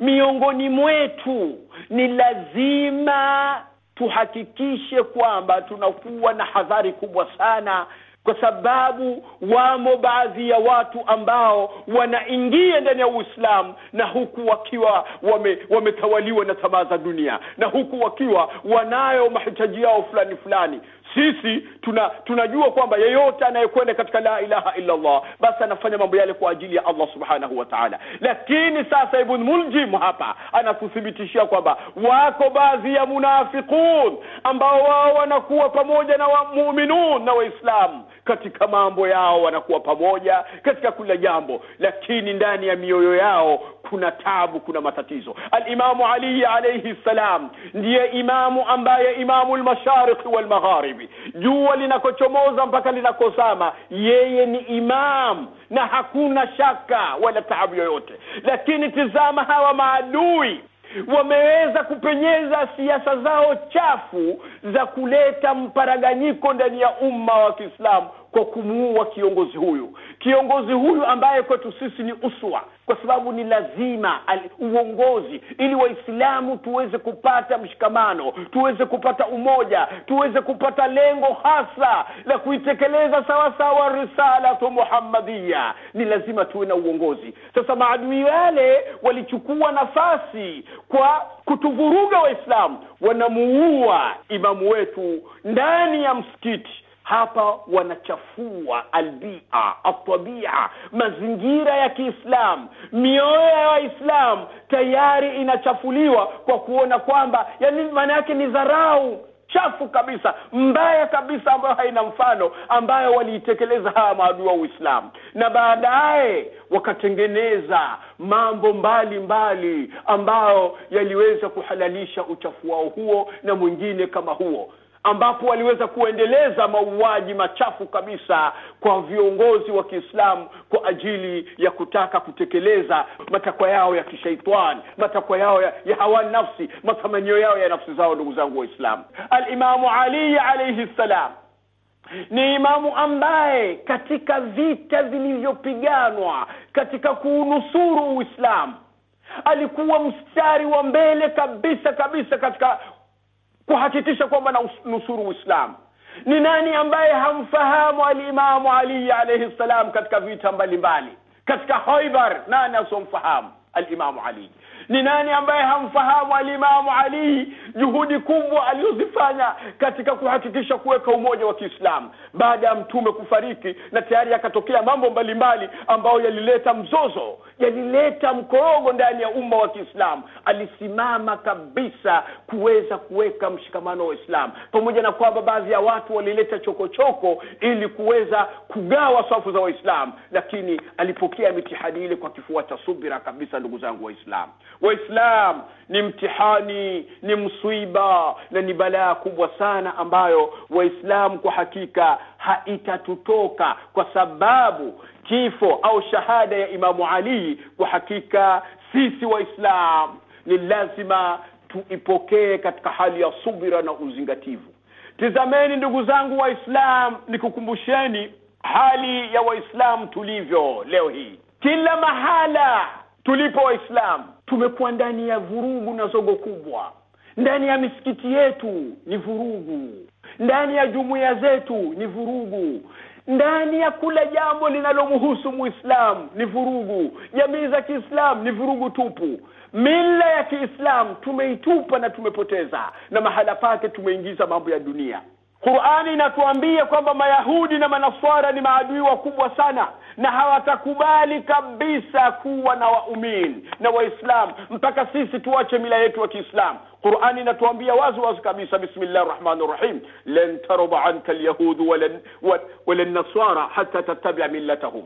miongoni mwetu ni lazima tuhakikishe kwamba tunakuwa na hadhari kubwa sana kwa sababu wamo baadhi ya watu ambao wanaingia ndani ya uislamu na huku wakiwa wametawaliwa wame na tamaa za dunia na huku wakiwa wanayo mahitaji yao fulani fulani sisi tuna, tunajua kwamba yeyote anayekwenda katika la ilaha illa Allah basi anafanya mambo yale kwa ajili ya Allah subhanahu wa ta'ala. Lakini sasa Ibn Muljim hapa anakuthibitishia kwamba wako baadhi ya munafiqun ambao wao wanakuwa pamoja na wamuminun na Waislamu katika mambo yao, wanakuwa pamoja katika kila jambo, lakini ndani ya mioyo yao kuna tabu kuna matatizo alimamu ali alayhi salam ndiye imamu ambaye imamu lmashariki walmagharibi jua linakochomoza mpaka linakosama yeye ni imam na hakuna shaka wala taabu yoyote lakini tizama hawa maadui wameweza kupenyeza siasa zao chafu za kuleta mparaganyiko ndani ya umma wa kiislamu kwa kumuua kiongozi huyu kiongozi huyu ambaye kwetu sisi ni uswa kwa sababu ni lazima al, uongozi ili waislamu tuweze kupata mshikamano tuweze kupata umoja tuweze kupata lengo hasa la kuitekeleza sawasawa risalatu muhammadiya ni lazima tuwe na uongozi sasa maadui wale walichukua nafasi kwa kutuvuruga waislamu wanamuua imamu wetu ndani ya msikiti hapa wanachafua albia atabia mazingira ya kiislamu mioyo ya waislamu tayari inachafuliwa kwa kuona kwamba yani maana yake ni dharau chafu kabisa mbaya kabisa ambayo haina mfano ambayo waliitekeleza hawa maadui wa uislamu na baadaye wakatengeneza mambo mbalimbali ambayo yaliweza kuhalalisha uchafu wao huo na mwingine kama huo ambapo waliweza kuendeleza mauaji machafu kabisa kwa viongozi wa kiislamu kwa ajili ya kutaka kutekeleza matakwa yao ya kishaitani matakwa yao ya, ya hawa nafsi matamanio yao ya nafsi zao ndugu zangu waislamu alimamu ali alaihi ssalam ni imamu ambaye katika vita vilivyopiganwa katika kuunusuru uislamu alikuwa mstari wa mbele kabisa kabisa katika kuhakikisha kwamba nusuru uislamu ni nani ambaye hamfahamu alimamu ali alaihi salam katika vita mbalimbali katika hoibar nani asomfahamu alimamu ali ni nani ambaye hamfahamu alimamu Ali juhudi kubwa aliyozifanya katika kuhakikisha kuweka umoja wa Kiislamu baada ya mtume kufariki, na tayari yakatokea mambo mbalimbali ambayo yalileta mzozo, yalileta mkorogo ndani ya umma wa Kiislamu. Alisimama kabisa kuweza kuweka mshikamano wa Islamu, pamoja na kwamba baadhi ya watu walileta chokochoko ili kuweza kugawa safu za Waislamu, lakini alipokea mitihadi ile kwa kifua cha subira kabisa, ndugu zangu Waislamu waislam ni mtihani ni msiba na ni balaa kubwa sana ambayo waislamu kwa hakika haitatutoka kwa sababu kifo au shahada ya imamu ali kwa hakika sisi waislamu ni lazima tuipokee katika hali ya subira na uzingativu tizameni ndugu zangu waislamu nikukumbusheni hali ya waislamu tulivyo leo hii kila mahala tulipo waislamu tumekuwa ndani ya vurugu na zogo kubwa ndani ya misikiti yetu ni vurugu ndani ya jumuiya zetu ni vurugu ndani ya kula jambo linalomhusu muislamu ni vurugu jamii za kiislamu ni vurugu tupu mila ya kiislamu tumeitupa na tumepoteza na mahala pake tumeingiza mambo ya dunia qurani inatuambia kwamba mayahudi na manaswara ni maadui wakubwa sana na hawatakubali kabisa kuwa na waumini na waislamu mpaka sisi tuache mila yetu ya kiislamu qurani inatuambia wazi wazi kabisa bismillahi rahmani rahim lan tarda anka lyahudu walannasara hata tattabia millatahum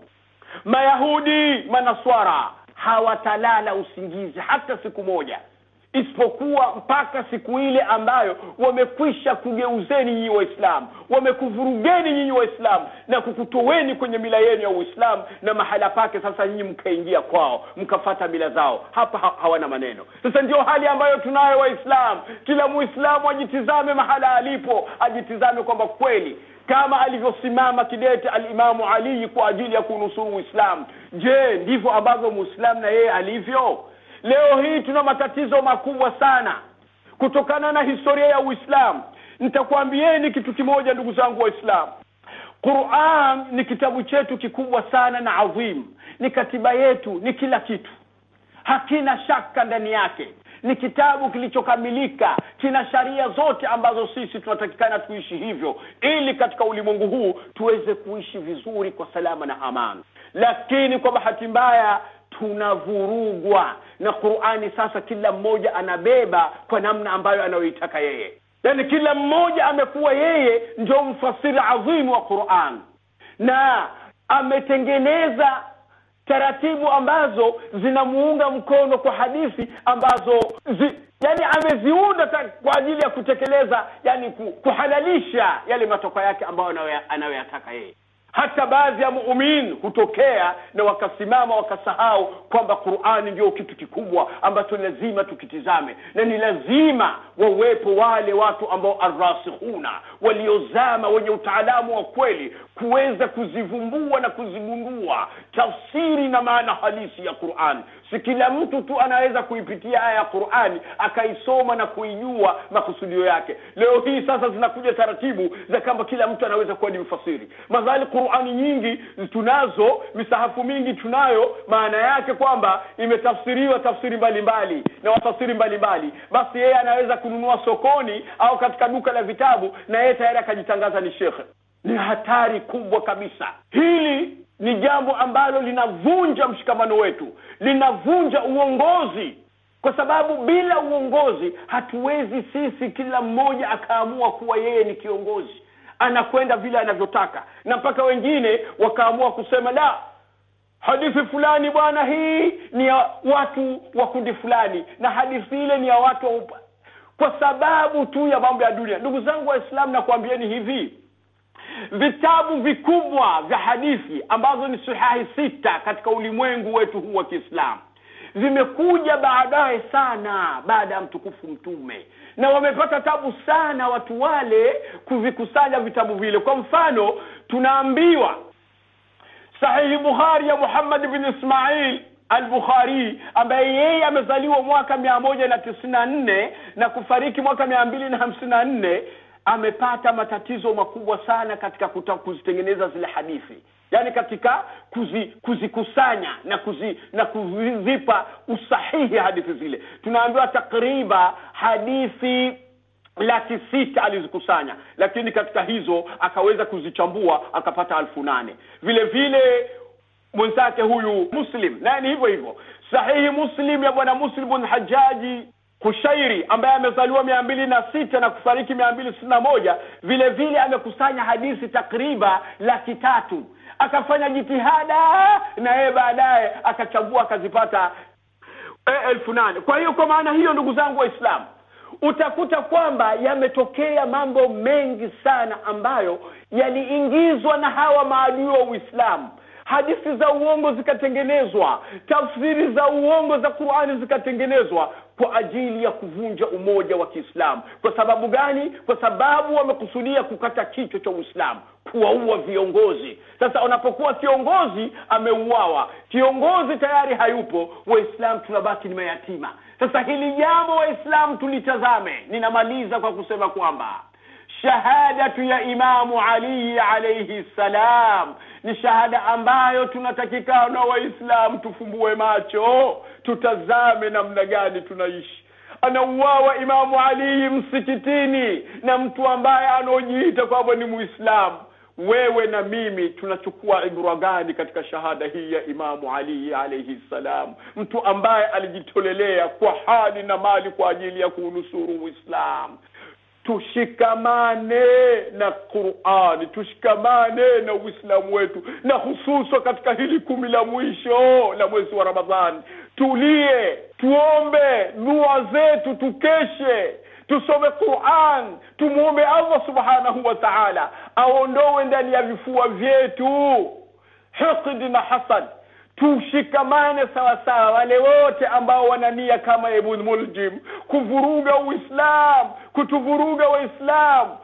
mayahudi manaswara hawatalala usingizi hata siku moja isipokuwa mpaka siku ile ambayo wamekwisha kugeuzeni nyinyi waislamu wamekuvurugeni nyinyi waislamu na kukutoweni kwenye mila yenu ya uislamu na mahala pake sasa nyinyi mkaingia kwao mkafata mila zao hapa ha- hawana maneno sasa ndio hali ambayo tunayo waislamu kila muislamu ajitizame mahala alipo ajitizame kwamba kweli kama alivyosimama kidete alimamu alii kwa ajili ya kunusuru uislamu je ndivyo ambavyo muislamu na yeye alivyo Leo hii tuna matatizo makubwa sana kutokana na historia ya Uislamu. Nitakwambieni kitu kimoja, ndugu zangu Waislamu, Quran ni kitabu chetu kikubwa sana na adhim, ni katiba yetu, ni kila kitu, hakina shaka ndani yake. Ni kitabu kilichokamilika, kina sharia zote ambazo sisi tunatakikana tuishi hivyo, ili katika ulimwengu huu tuweze kuishi vizuri kwa salama na amani. Lakini kwa bahati mbaya tunavurugwa na qurani sasa kila mmoja anabeba kwa namna ambayo anayoitaka yeye yaani kila mmoja amekuwa yeye ndio mfasiri adhimu wa quran na ametengeneza taratibu ambazo zinamuunga mkono kwa hadithi ambazo zi, yani ameziunda kwa ajili ya kutekeleza yani kuhalalisha yale matokeo yake ambayo anayoyataka yeye hata baadhi ya muumin hutokea na wakasimama wakasahau kwamba qurani ndio kitu kikubwa ambacho lazima tukitizame na ni lazima wawepo wale watu ambao arrasikhuna waliozama wenye utaalamu wa kweli kuweza kuzivumbua na kuzigundua tafsiri na maana halisi ya quran si kila mtu tu anaweza kuipitia aya ya qurani akaisoma na kuijua makusudio yake leo hii sasa zinakuja taratibu za kwamba kila mtu anaweza kuwa ni mfasiri madhali qurani nyingi tunazo misahafu mingi tunayo maana yake kwamba imetafsiriwa tafsiri mbalimbali mbali, na watafsiri mbalimbali basi yeye anaweza kununua sokoni au katika duka la vitabu na yeye tayari akajitangaza ni shekhe ni hatari kubwa kabisa hili ni jambo ambalo linavunja mshikamano wetu linavunja uongozi kwa sababu bila uongozi hatuwezi sisi kila mmoja akaamua kuwa yeye ni kiongozi anakwenda vile anavyotaka na mpaka wengine wakaamua kusema la hadithi fulani bwana hii ni ya watu wa kundi fulani na hadithi ile ni ya watu wa upa. kwa sababu tu ya mambo ya dunia ndugu zangu waislamu nakuambieni hivi vitabu vikubwa vya hadithi ambazo ni sahihi sita katika ulimwengu wetu huu wa kiislamu vimekuja baadaye sana baada ya mtukufu mtume na wamepata tabu sana watu wale kuvikusanya vitabu vile kwa mfano tunaambiwa sahihi bukhari ya muhammad bin ismail al al-Bukhari ambaye yeye amezaliwa mwaka mia moja na na nne na kufariki mwaka mia mbili na na nne amepata matatizo makubwa sana katika kuta, kuzitengeneza zile hadithi yaani katika kuzikusanya kuzi na kuzi, na kuzipa usahihi hadithi zile tunaambiwa takriba hadithi laki sita alizikusanya lakini katika hizo akaweza kuzichambua akapata alfu nane vile vile mwenzake huyu muslim naye ni hivyo hivyo sahihi muslim ya bwana muslim bn hajaji kushairi ambaye amezaliwa mia mbili na sita na kufariki mia mbili sitini na moja vile vile amekusanya hadithi takriba laki tatu akafanya jitihada na yeye baadaye akachagua akazipata e, elfu nane kwa hiyo kwa maana hiyo ndugu zangu waislamu utakuta kwamba yametokea mambo mengi sana ambayo yaliingizwa na hawa maadui wa uislamu hadithi za uongo zikatengenezwa tafsiri za uongo za qurani zikatengenezwa kwa ajili ya kuvunja umoja wa kiislamu kwa sababu gani kwa sababu wamekusudia kukata kichwa cha uislamu kuwaua viongozi sasa unapokuwa kiongozi ameuawa kiongozi tayari hayupo waislamu tunabaki ni mayatima sasa hili jambo waislamu tulitazame ninamaliza kwa kusema kwamba shahadatu ya imamu ali alaihi salam ni shahada ambayo tunatakikana waislamu tufumbue macho tutazame namna gani tunaishi anauawa imamu alihi msikitini na mtu ambaye anaojiita kwamba ni muislamu wewe na mimi tunachukua ibra gani katika shahada hii ya imamu ali alaihi ssalam mtu ambaye alijitolelea kwa hali na mali kwa ajili ya kuunusuru uislamu tushikamane na qurani tushikamane na uislamu wetu na hususwa katika hili kumi la mwisho la mwezi wa ramadhani tulie tuombe dua zetu tukeshe tusome quran tumwombe allah subhanahu wa taala aondowe ndani ya vifua vyetu hiqdi na hasad tushikamane sawasawa wale wote ambao wanania kama ibn muljim kuvuruga Uislamu, kutuvuruga waislamu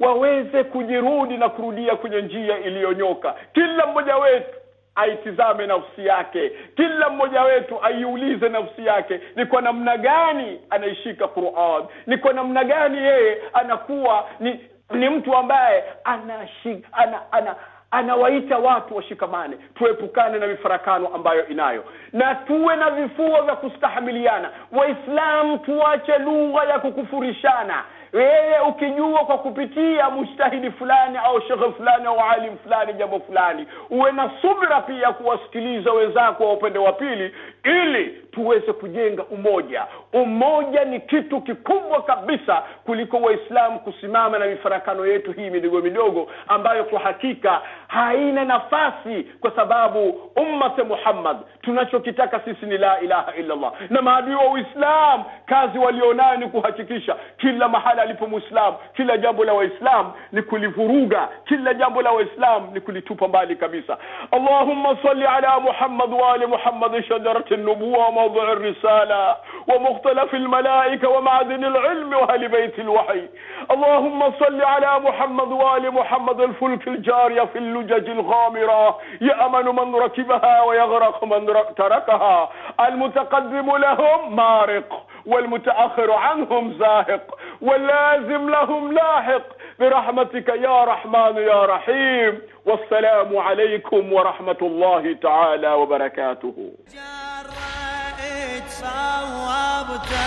waweze kujirudi na kurudia kwenye njia iliyonyoka kila mmoja wetu aitizame nafsi yake kila mmoja wetu aiulize nafsi yake ni kwa namna gani anaishika quran ni kwa namna gani yeye anakuwa ni ni mtu ambaye ana, ana, ana, anawaita watu washikamane tuepukane na mifarakano ambayo inayo na tuwe na vifuo vya kustahamiliana waislamu tuache lugha ya kukufurishana wewe ukijua kwa kupitia mujtahidi fulani au shekhe fulani au alim fulani jambo fulani uwe na subra pia kuwasikiliza wenzako wa upande wa pili ili tuweze kujenga umoja umoja ni kitu kikubwa kabisa kuliko waislamu kusimama na mifarakano yetu hii midogo midogo ambayo kwa hakika haina nafasi kwa sababu ummate muhammad tunachokitaka sisi ni la ilaha illallah na maadui wa uislamu kazi walionayo ni kuhakikisha kila mahali mahala alipo muislam kila jambo la waislam ni kulivuruga kila jambo la waislam ni kulitupa mbali kabisa allahumma salli ala muhammad wa ali muhammad shajarat an-nubuwa wa mawdu' ar-risala wa mukhtalaf al-malaika wa ma'din al-ilm wa ahli bayt al-wahy allahumma salli ala muhammad wa ali muhammad al-fulk al-jariya fi al-lujaj al-ghamira ya'man man rakibaha wa yaghraq man tarakaha al-mutaqaddim lahum mariq والمتأخر عنهم زاهق واللازم لهم لاحق برحمتك يا رحمن يا رحيم والسلام عليكم ورحمة الله تعالى وبركاته جرأت صوابته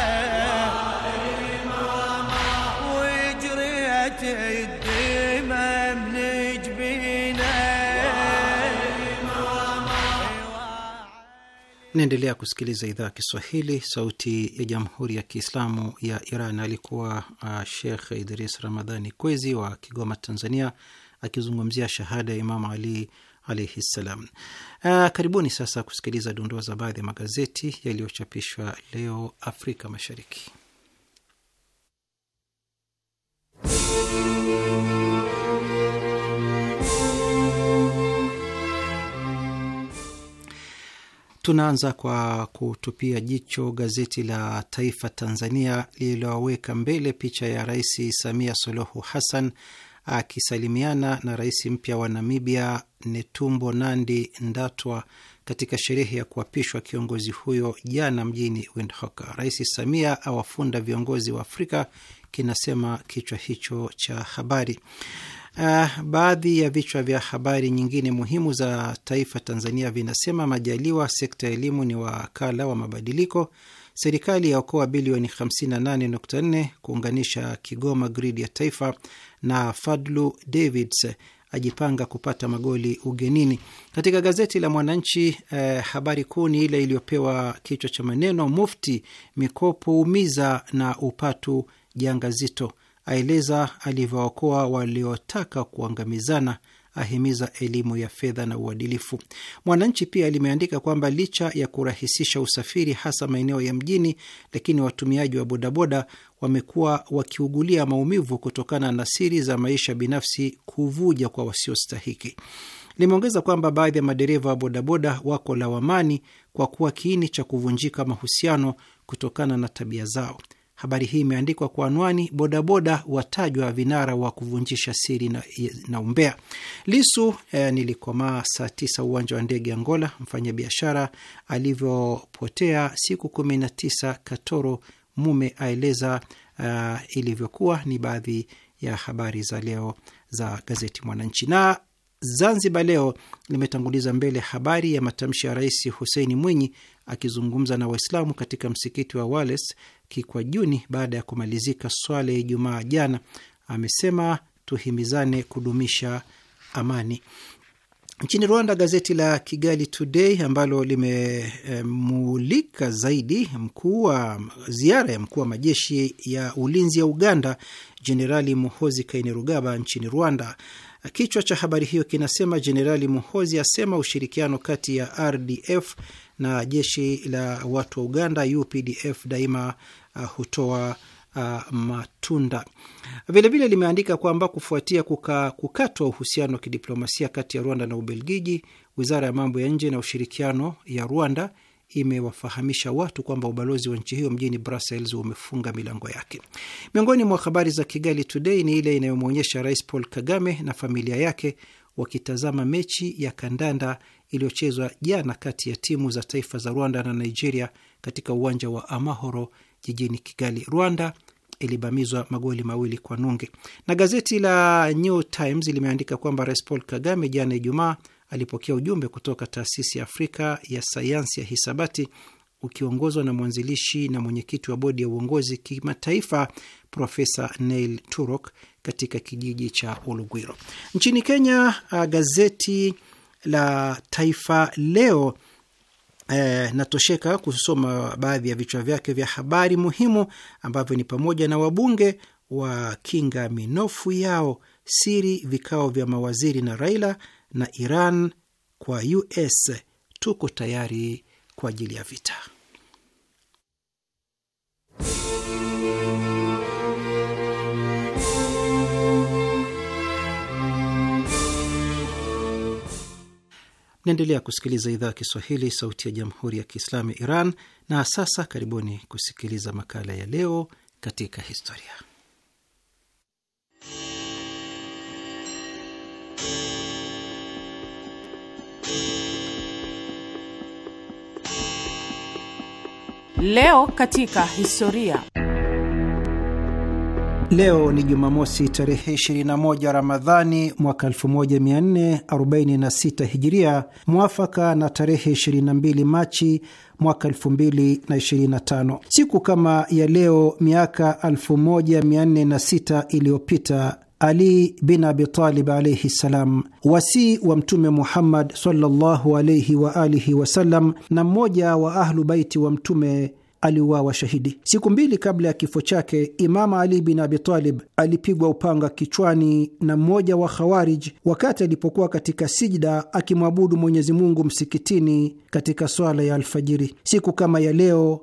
وجريت naendelea kusikiliza idhaa ya Kiswahili, sauti ya jamhuri ya kiislamu ya Iran. Alikuwa uh, Shekh Idris Ramadhani Kwezi wa Kigoma, Tanzania, akizungumzia shahada ya Imamu Ali alaihi ssalam. Uh, karibuni sasa kusikiliza dondoo za baadhi ya magazeti yaliyochapishwa leo Afrika Mashariki. Tunaanza kwa kutupia jicho gazeti la Taifa Tanzania lililoweka mbele picha ya Rais Samia Suluhu Hassan akisalimiana na rais mpya wa Namibia Netumbo Nandi Ndatwa katika sherehe ya kuapishwa kiongozi huyo jana mjini Windhoek. Rais Samia awafunda viongozi wa Afrika, kinasema kichwa hicho cha habari. Uh, baadhi ya vichwa vya habari nyingine muhimu za taifa Tanzania vinasema: Majaliwa, sekta ya elimu ni wakala wa mabadiliko; serikali yaokoa bilioni 58.4 kuunganisha Kigoma gridi ya taifa; na Fadlu Davids ajipanga kupata magoli ugenini. Katika gazeti la Mwananchi eh, habari kuu ni ile iliyopewa kichwa cha maneno Mufti, mikopo umiza na upatu janga zito aeleza alivyookoa waliotaka kuangamizana, ahimiza elimu ya fedha na uadilifu. Mwananchi pia limeandika kwamba licha ya kurahisisha usafiri hasa maeneo ya mjini, lakini watumiaji wa bodaboda wamekuwa wakiugulia maumivu kutokana na siri za maisha binafsi kuvuja kwa wasiostahiki. Limeongeza kwamba baadhi ya madereva wa bodaboda wako lawamani kwa kuwa kiini cha kuvunjika mahusiano kutokana na tabia zao. Habari hii imeandikwa kwa anwani bodaboda watajwa vinara wa kuvunjisha siri na, na umbea. Lisu eh, nilikomaa saa tisa uwanja wa ndege Angola, mfanyabiashara alivyopotea siku kumi na tisa Katoro, mume aeleza uh, ilivyokuwa. Ni baadhi ya habari za leo za gazeti Mwananchi na Zanzibar Leo limetanguliza mbele habari ya matamshi ya Rais Huseini Mwinyi akizungumza na Waislamu katika msikiti wa Wales Kikwajuni baada ya kumalizika swala ya Ijumaa jana. Amesema tuhimizane kudumisha amani. Nchini Rwanda, gazeti la Kigali Today ambalo limemulika zaidi mkuu wa ziara ya mkuu wa majeshi ya ulinzi ya Uganda Jenerali Muhozi Kainerugaba nchini Rwanda Kichwa cha habari hiyo kinasema Jenerali Muhozi asema ushirikiano kati ya RDF na jeshi la watu wa Uganda UPDF daima uh, hutoa uh, matunda. Vilevile limeandika kwamba kufuatia kuka, kukatwa uhusiano wa kidiplomasia kati ya Rwanda na Ubelgiji, wizara ya mambo ya nje na ushirikiano ya Rwanda imewafahamisha watu kwamba ubalozi wa nchi hiyo mjini Brussels umefunga milango yake. Miongoni mwa habari za Kigali Today ni ile inayomwonyesha Rais Paul Kagame na familia yake wakitazama mechi ya kandanda iliyochezwa jana kati ya timu za taifa za Rwanda na Nigeria katika uwanja wa Amahoro jijini Kigali. Rwanda ilibamizwa magoli mawili kwa nunge, na gazeti la New Times limeandika kwamba Rais Paul Kagame jana Ijumaa alipokea ujumbe kutoka taasisi ya Afrika ya sayansi ya hisabati ukiongozwa na mwanzilishi na mwenyekiti wa bodi ya uongozi kimataifa Profesa Neil Turok katika kijiji cha Ulugwiro nchini Kenya. Uh, gazeti la Taifa Leo eh, natosheka kusoma baadhi ya vichwa vyake vya habari muhimu ambavyo ni pamoja na wabunge wa kinga minofu yao siri vikao vya mawaziri na Raila na Iran kwa US, tuko tayari kwa ajili ya vita. Naendelea kusikiliza idhaa ya Kiswahili, sauti ya jamhuri ya kiislamu ya Iran. Na sasa karibuni kusikiliza makala ya leo katika historia. Leo katika historia. Leo ni Jumamosi tarehe 21 Ramadhani mwaka 1446 Hijiria, mwafaka na tarehe 22 Machi mwaka 2025. Siku kama ya leo miaka 1406 iliyopita ali bin Abitalib alaihi ssalam, wasii wa Mtume Muhammad sallallahu alaihi wa alihi wasallam na mmoja wa Ahlu Baiti wa Mtume aliuawa shahidi. Siku mbili kabla ya kifo chake, Imama Ali bin Abitalib alipigwa upanga kichwani na mmoja wa Khawarij wakati alipokuwa katika sijida akimwabudu Mwenyezi Mungu msikitini katika swala ya alfajiri. Siku kama ya leo,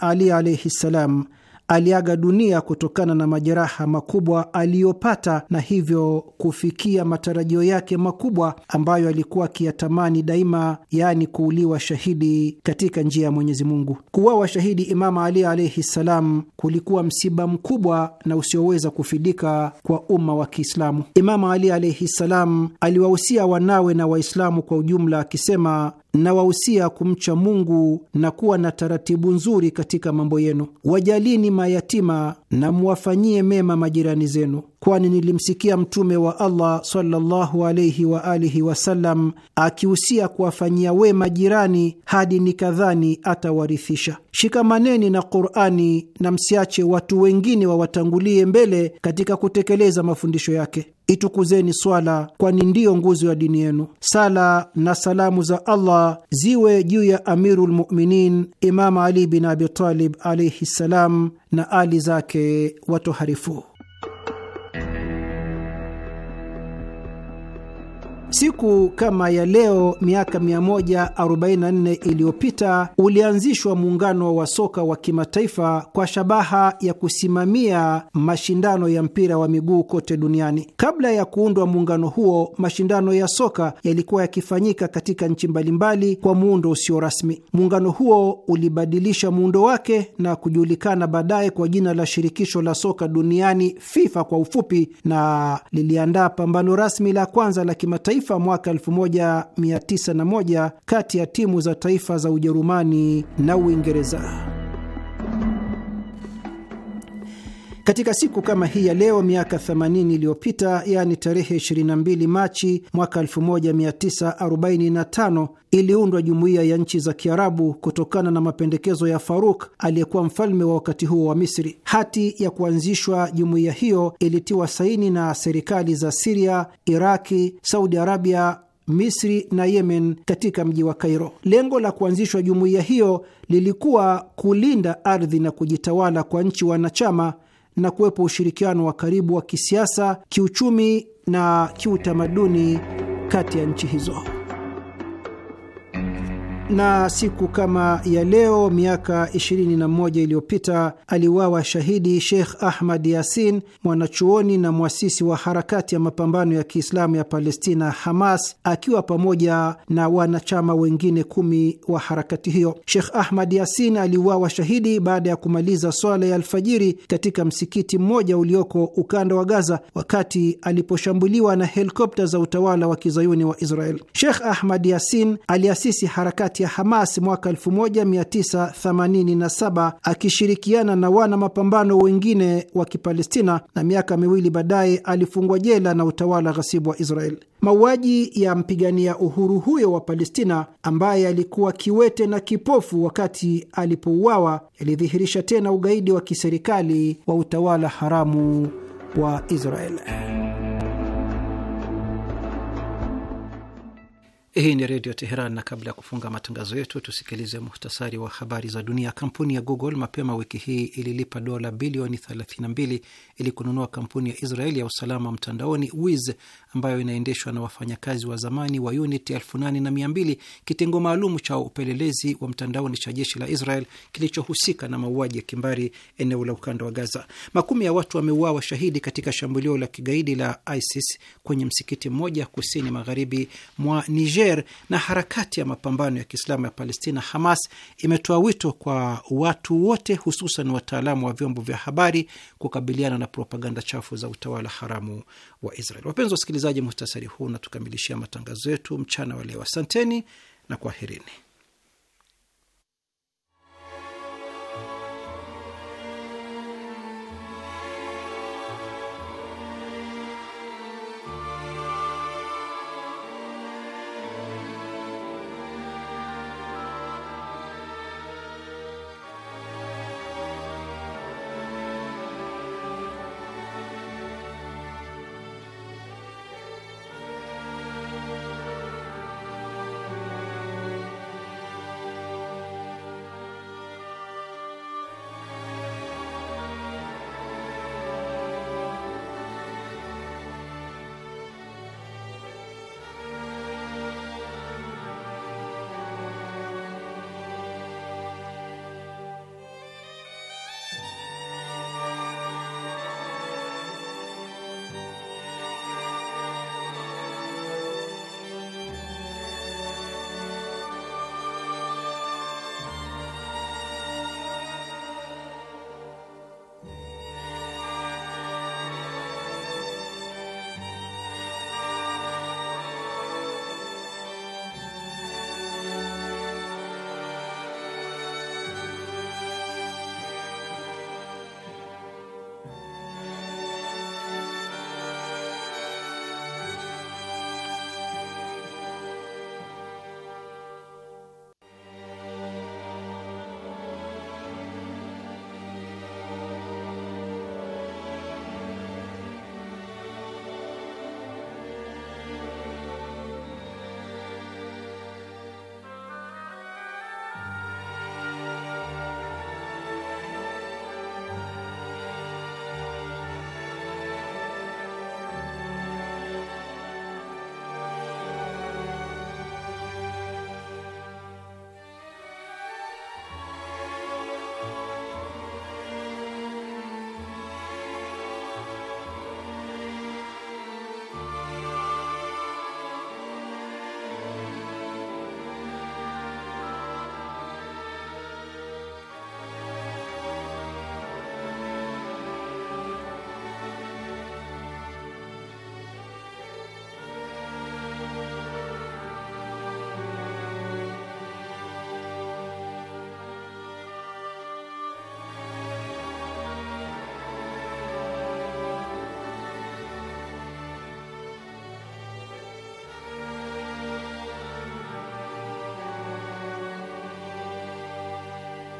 Ali alaihi ssalam aliaga dunia kutokana na majeraha makubwa aliyopata na hivyo kufikia matarajio yake makubwa ambayo alikuwa akiyatamani daima, yaani kuuliwa shahidi katika njia ya Mwenyezi Mungu. Kuuawa shahidi Imama Ali alaihi ssalam kulikuwa msiba mkubwa na usioweza kufidika kwa umma wa Kiislamu. Imama Ali alaihi ssalam aliwahusia wanawe na Waislamu kwa ujumla akisema nawahusia kumcha Mungu na kuwa na taratibu nzuri katika mambo yenu. Wajalini mayatima na mwafanyie mema majirani zenu, kwani nilimsikia Mtume wa Allah sallallahu alaihi wa alihi wasallam akihusia kuwafanyia wema jirani hadi nikadhani atawarithisha. Shikamaneni na Qur'ani na msiache watu wengine wawatangulie mbele katika kutekeleza mafundisho yake. Itukuzeni swala, kwani ndiyo nguzo ya dini yenu. Sala na salamu za Allah ziwe juu ya amiru lmuminin imamu Ali bin Abi Talib alaihi ssalam na ali zake watoharifu. Siku kama ya leo miaka 144 iliyopita ulianzishwa muungano wa soka wa kimataifa kwa shabaha ya kusimamia mashindano ya mpira wa miguu kote duniani. Kabla ya kuundwa muungano huo, mashindano ya soka yalikuwa yakifanyika katika nchi mbalimbali kwa muundo usio rasmi. Muungano huo ulibadilisha muundo wake na kujulikana baadaye kwa jina la Shirikisho la Soka Duniani, FIFA kwa ufupi, na liliandaa pambano rasmi la kwanza la kimataifa Mataifa mwaka 1901 kati ya timu za taifa za Ujerumani na Uingereza. Katika siku kama hii ya leo miaka 80 iliyopita, yaani tarehe 22 Machi mwaka 1945 iliundwa jumuiya ya nchi za Kiarabu kutokana na mapendekezo ya Faruk aliyekuwa mfalme wa wakati huo wa Misri. Hati ya kuanzishwa jumuiya hiyo ilitiwa saini na serikali za Siria, Iraki, Saudi Arabia, Misri na Yemen katika mji wa Kairo. Lengo la kuanzishwa jumuiya hiyo lilikuwa kulinda ardhi na kujitawala kwa nchi wanachama na kuwepo ushirikiano wa karibu wa kisiasa, kiuchumi na kiutamaduni kati ya nchi hizo na siku kama ya leo miaka 21 iliyopita aliuawa shahidi Sheikh Ahmad Yasin, mwanachuoni na mwasisi wa harakati ya mapambano ya Kiislamu ya Palestina, Hamas, akiwa pamoja na wanachama wengine kumi wa harakati hiyo. Sheikh Ahmad Yasin aliuawa shahidi baada ya kumaliza swala ya alfajiri katika msikiti mmoja ulioko ukanda wa Gaza, wakati aliposhambuliwa na helikopta za utawala wa kizayuni wa Israel. Sheikh Ahmad Yasin aliasisi harakati harakati ya Hamas mwaka 1987 akishirikiana na wana mapambano wengine wa Kipalestina, na miaka miwili baadaye alifungwa jela na utawala ghasibu wa Israel. Mauaji ya mpigania uhuru huyo wa Palestina ambaye alikuwa kiwete na kipofu wakati alipouawa yalidhihirisha tena ugaidi wa kiserikali wa utawala haramu wa Israel. Hii ni Redio Teheran, na kabla ya kufunga matangazo yetu tusikilize muhtasari wa habari za dunia. Kampuni ya Google mapema wiki hii ililipa dola bilioni 32 ili kununua kampuni ya Israeli ya usalama mtandaoni Wiz ambayo inaendeshwa na wafanyakazi wa zamani wa Unit 8200 kitengo maalum cha upelelezi wa mtandaoni cha jeshi la Israel kilichohusika na mauaji ya kimbari eneo la ukanda wa Gaza. Makumi ya watu wameuawa shahidi katika shambulio la kigaidi la ISIS kwenye msikiti mmoja kusini magharibi mwa Niger Tahrir na harakati ya mapambano ya Kiislamu ya Palestina, Hamas, imetoa wito kwa watu wote, hususan wataalamu wa vyombo vya habari kukabiliana na propaganda chafu za utawala haramu wa Israel. Wapenzi wasikilizaji, muhtasari huu unatukamilishia matangazo yetu mchana wa leo. Asanteni na kwaherini.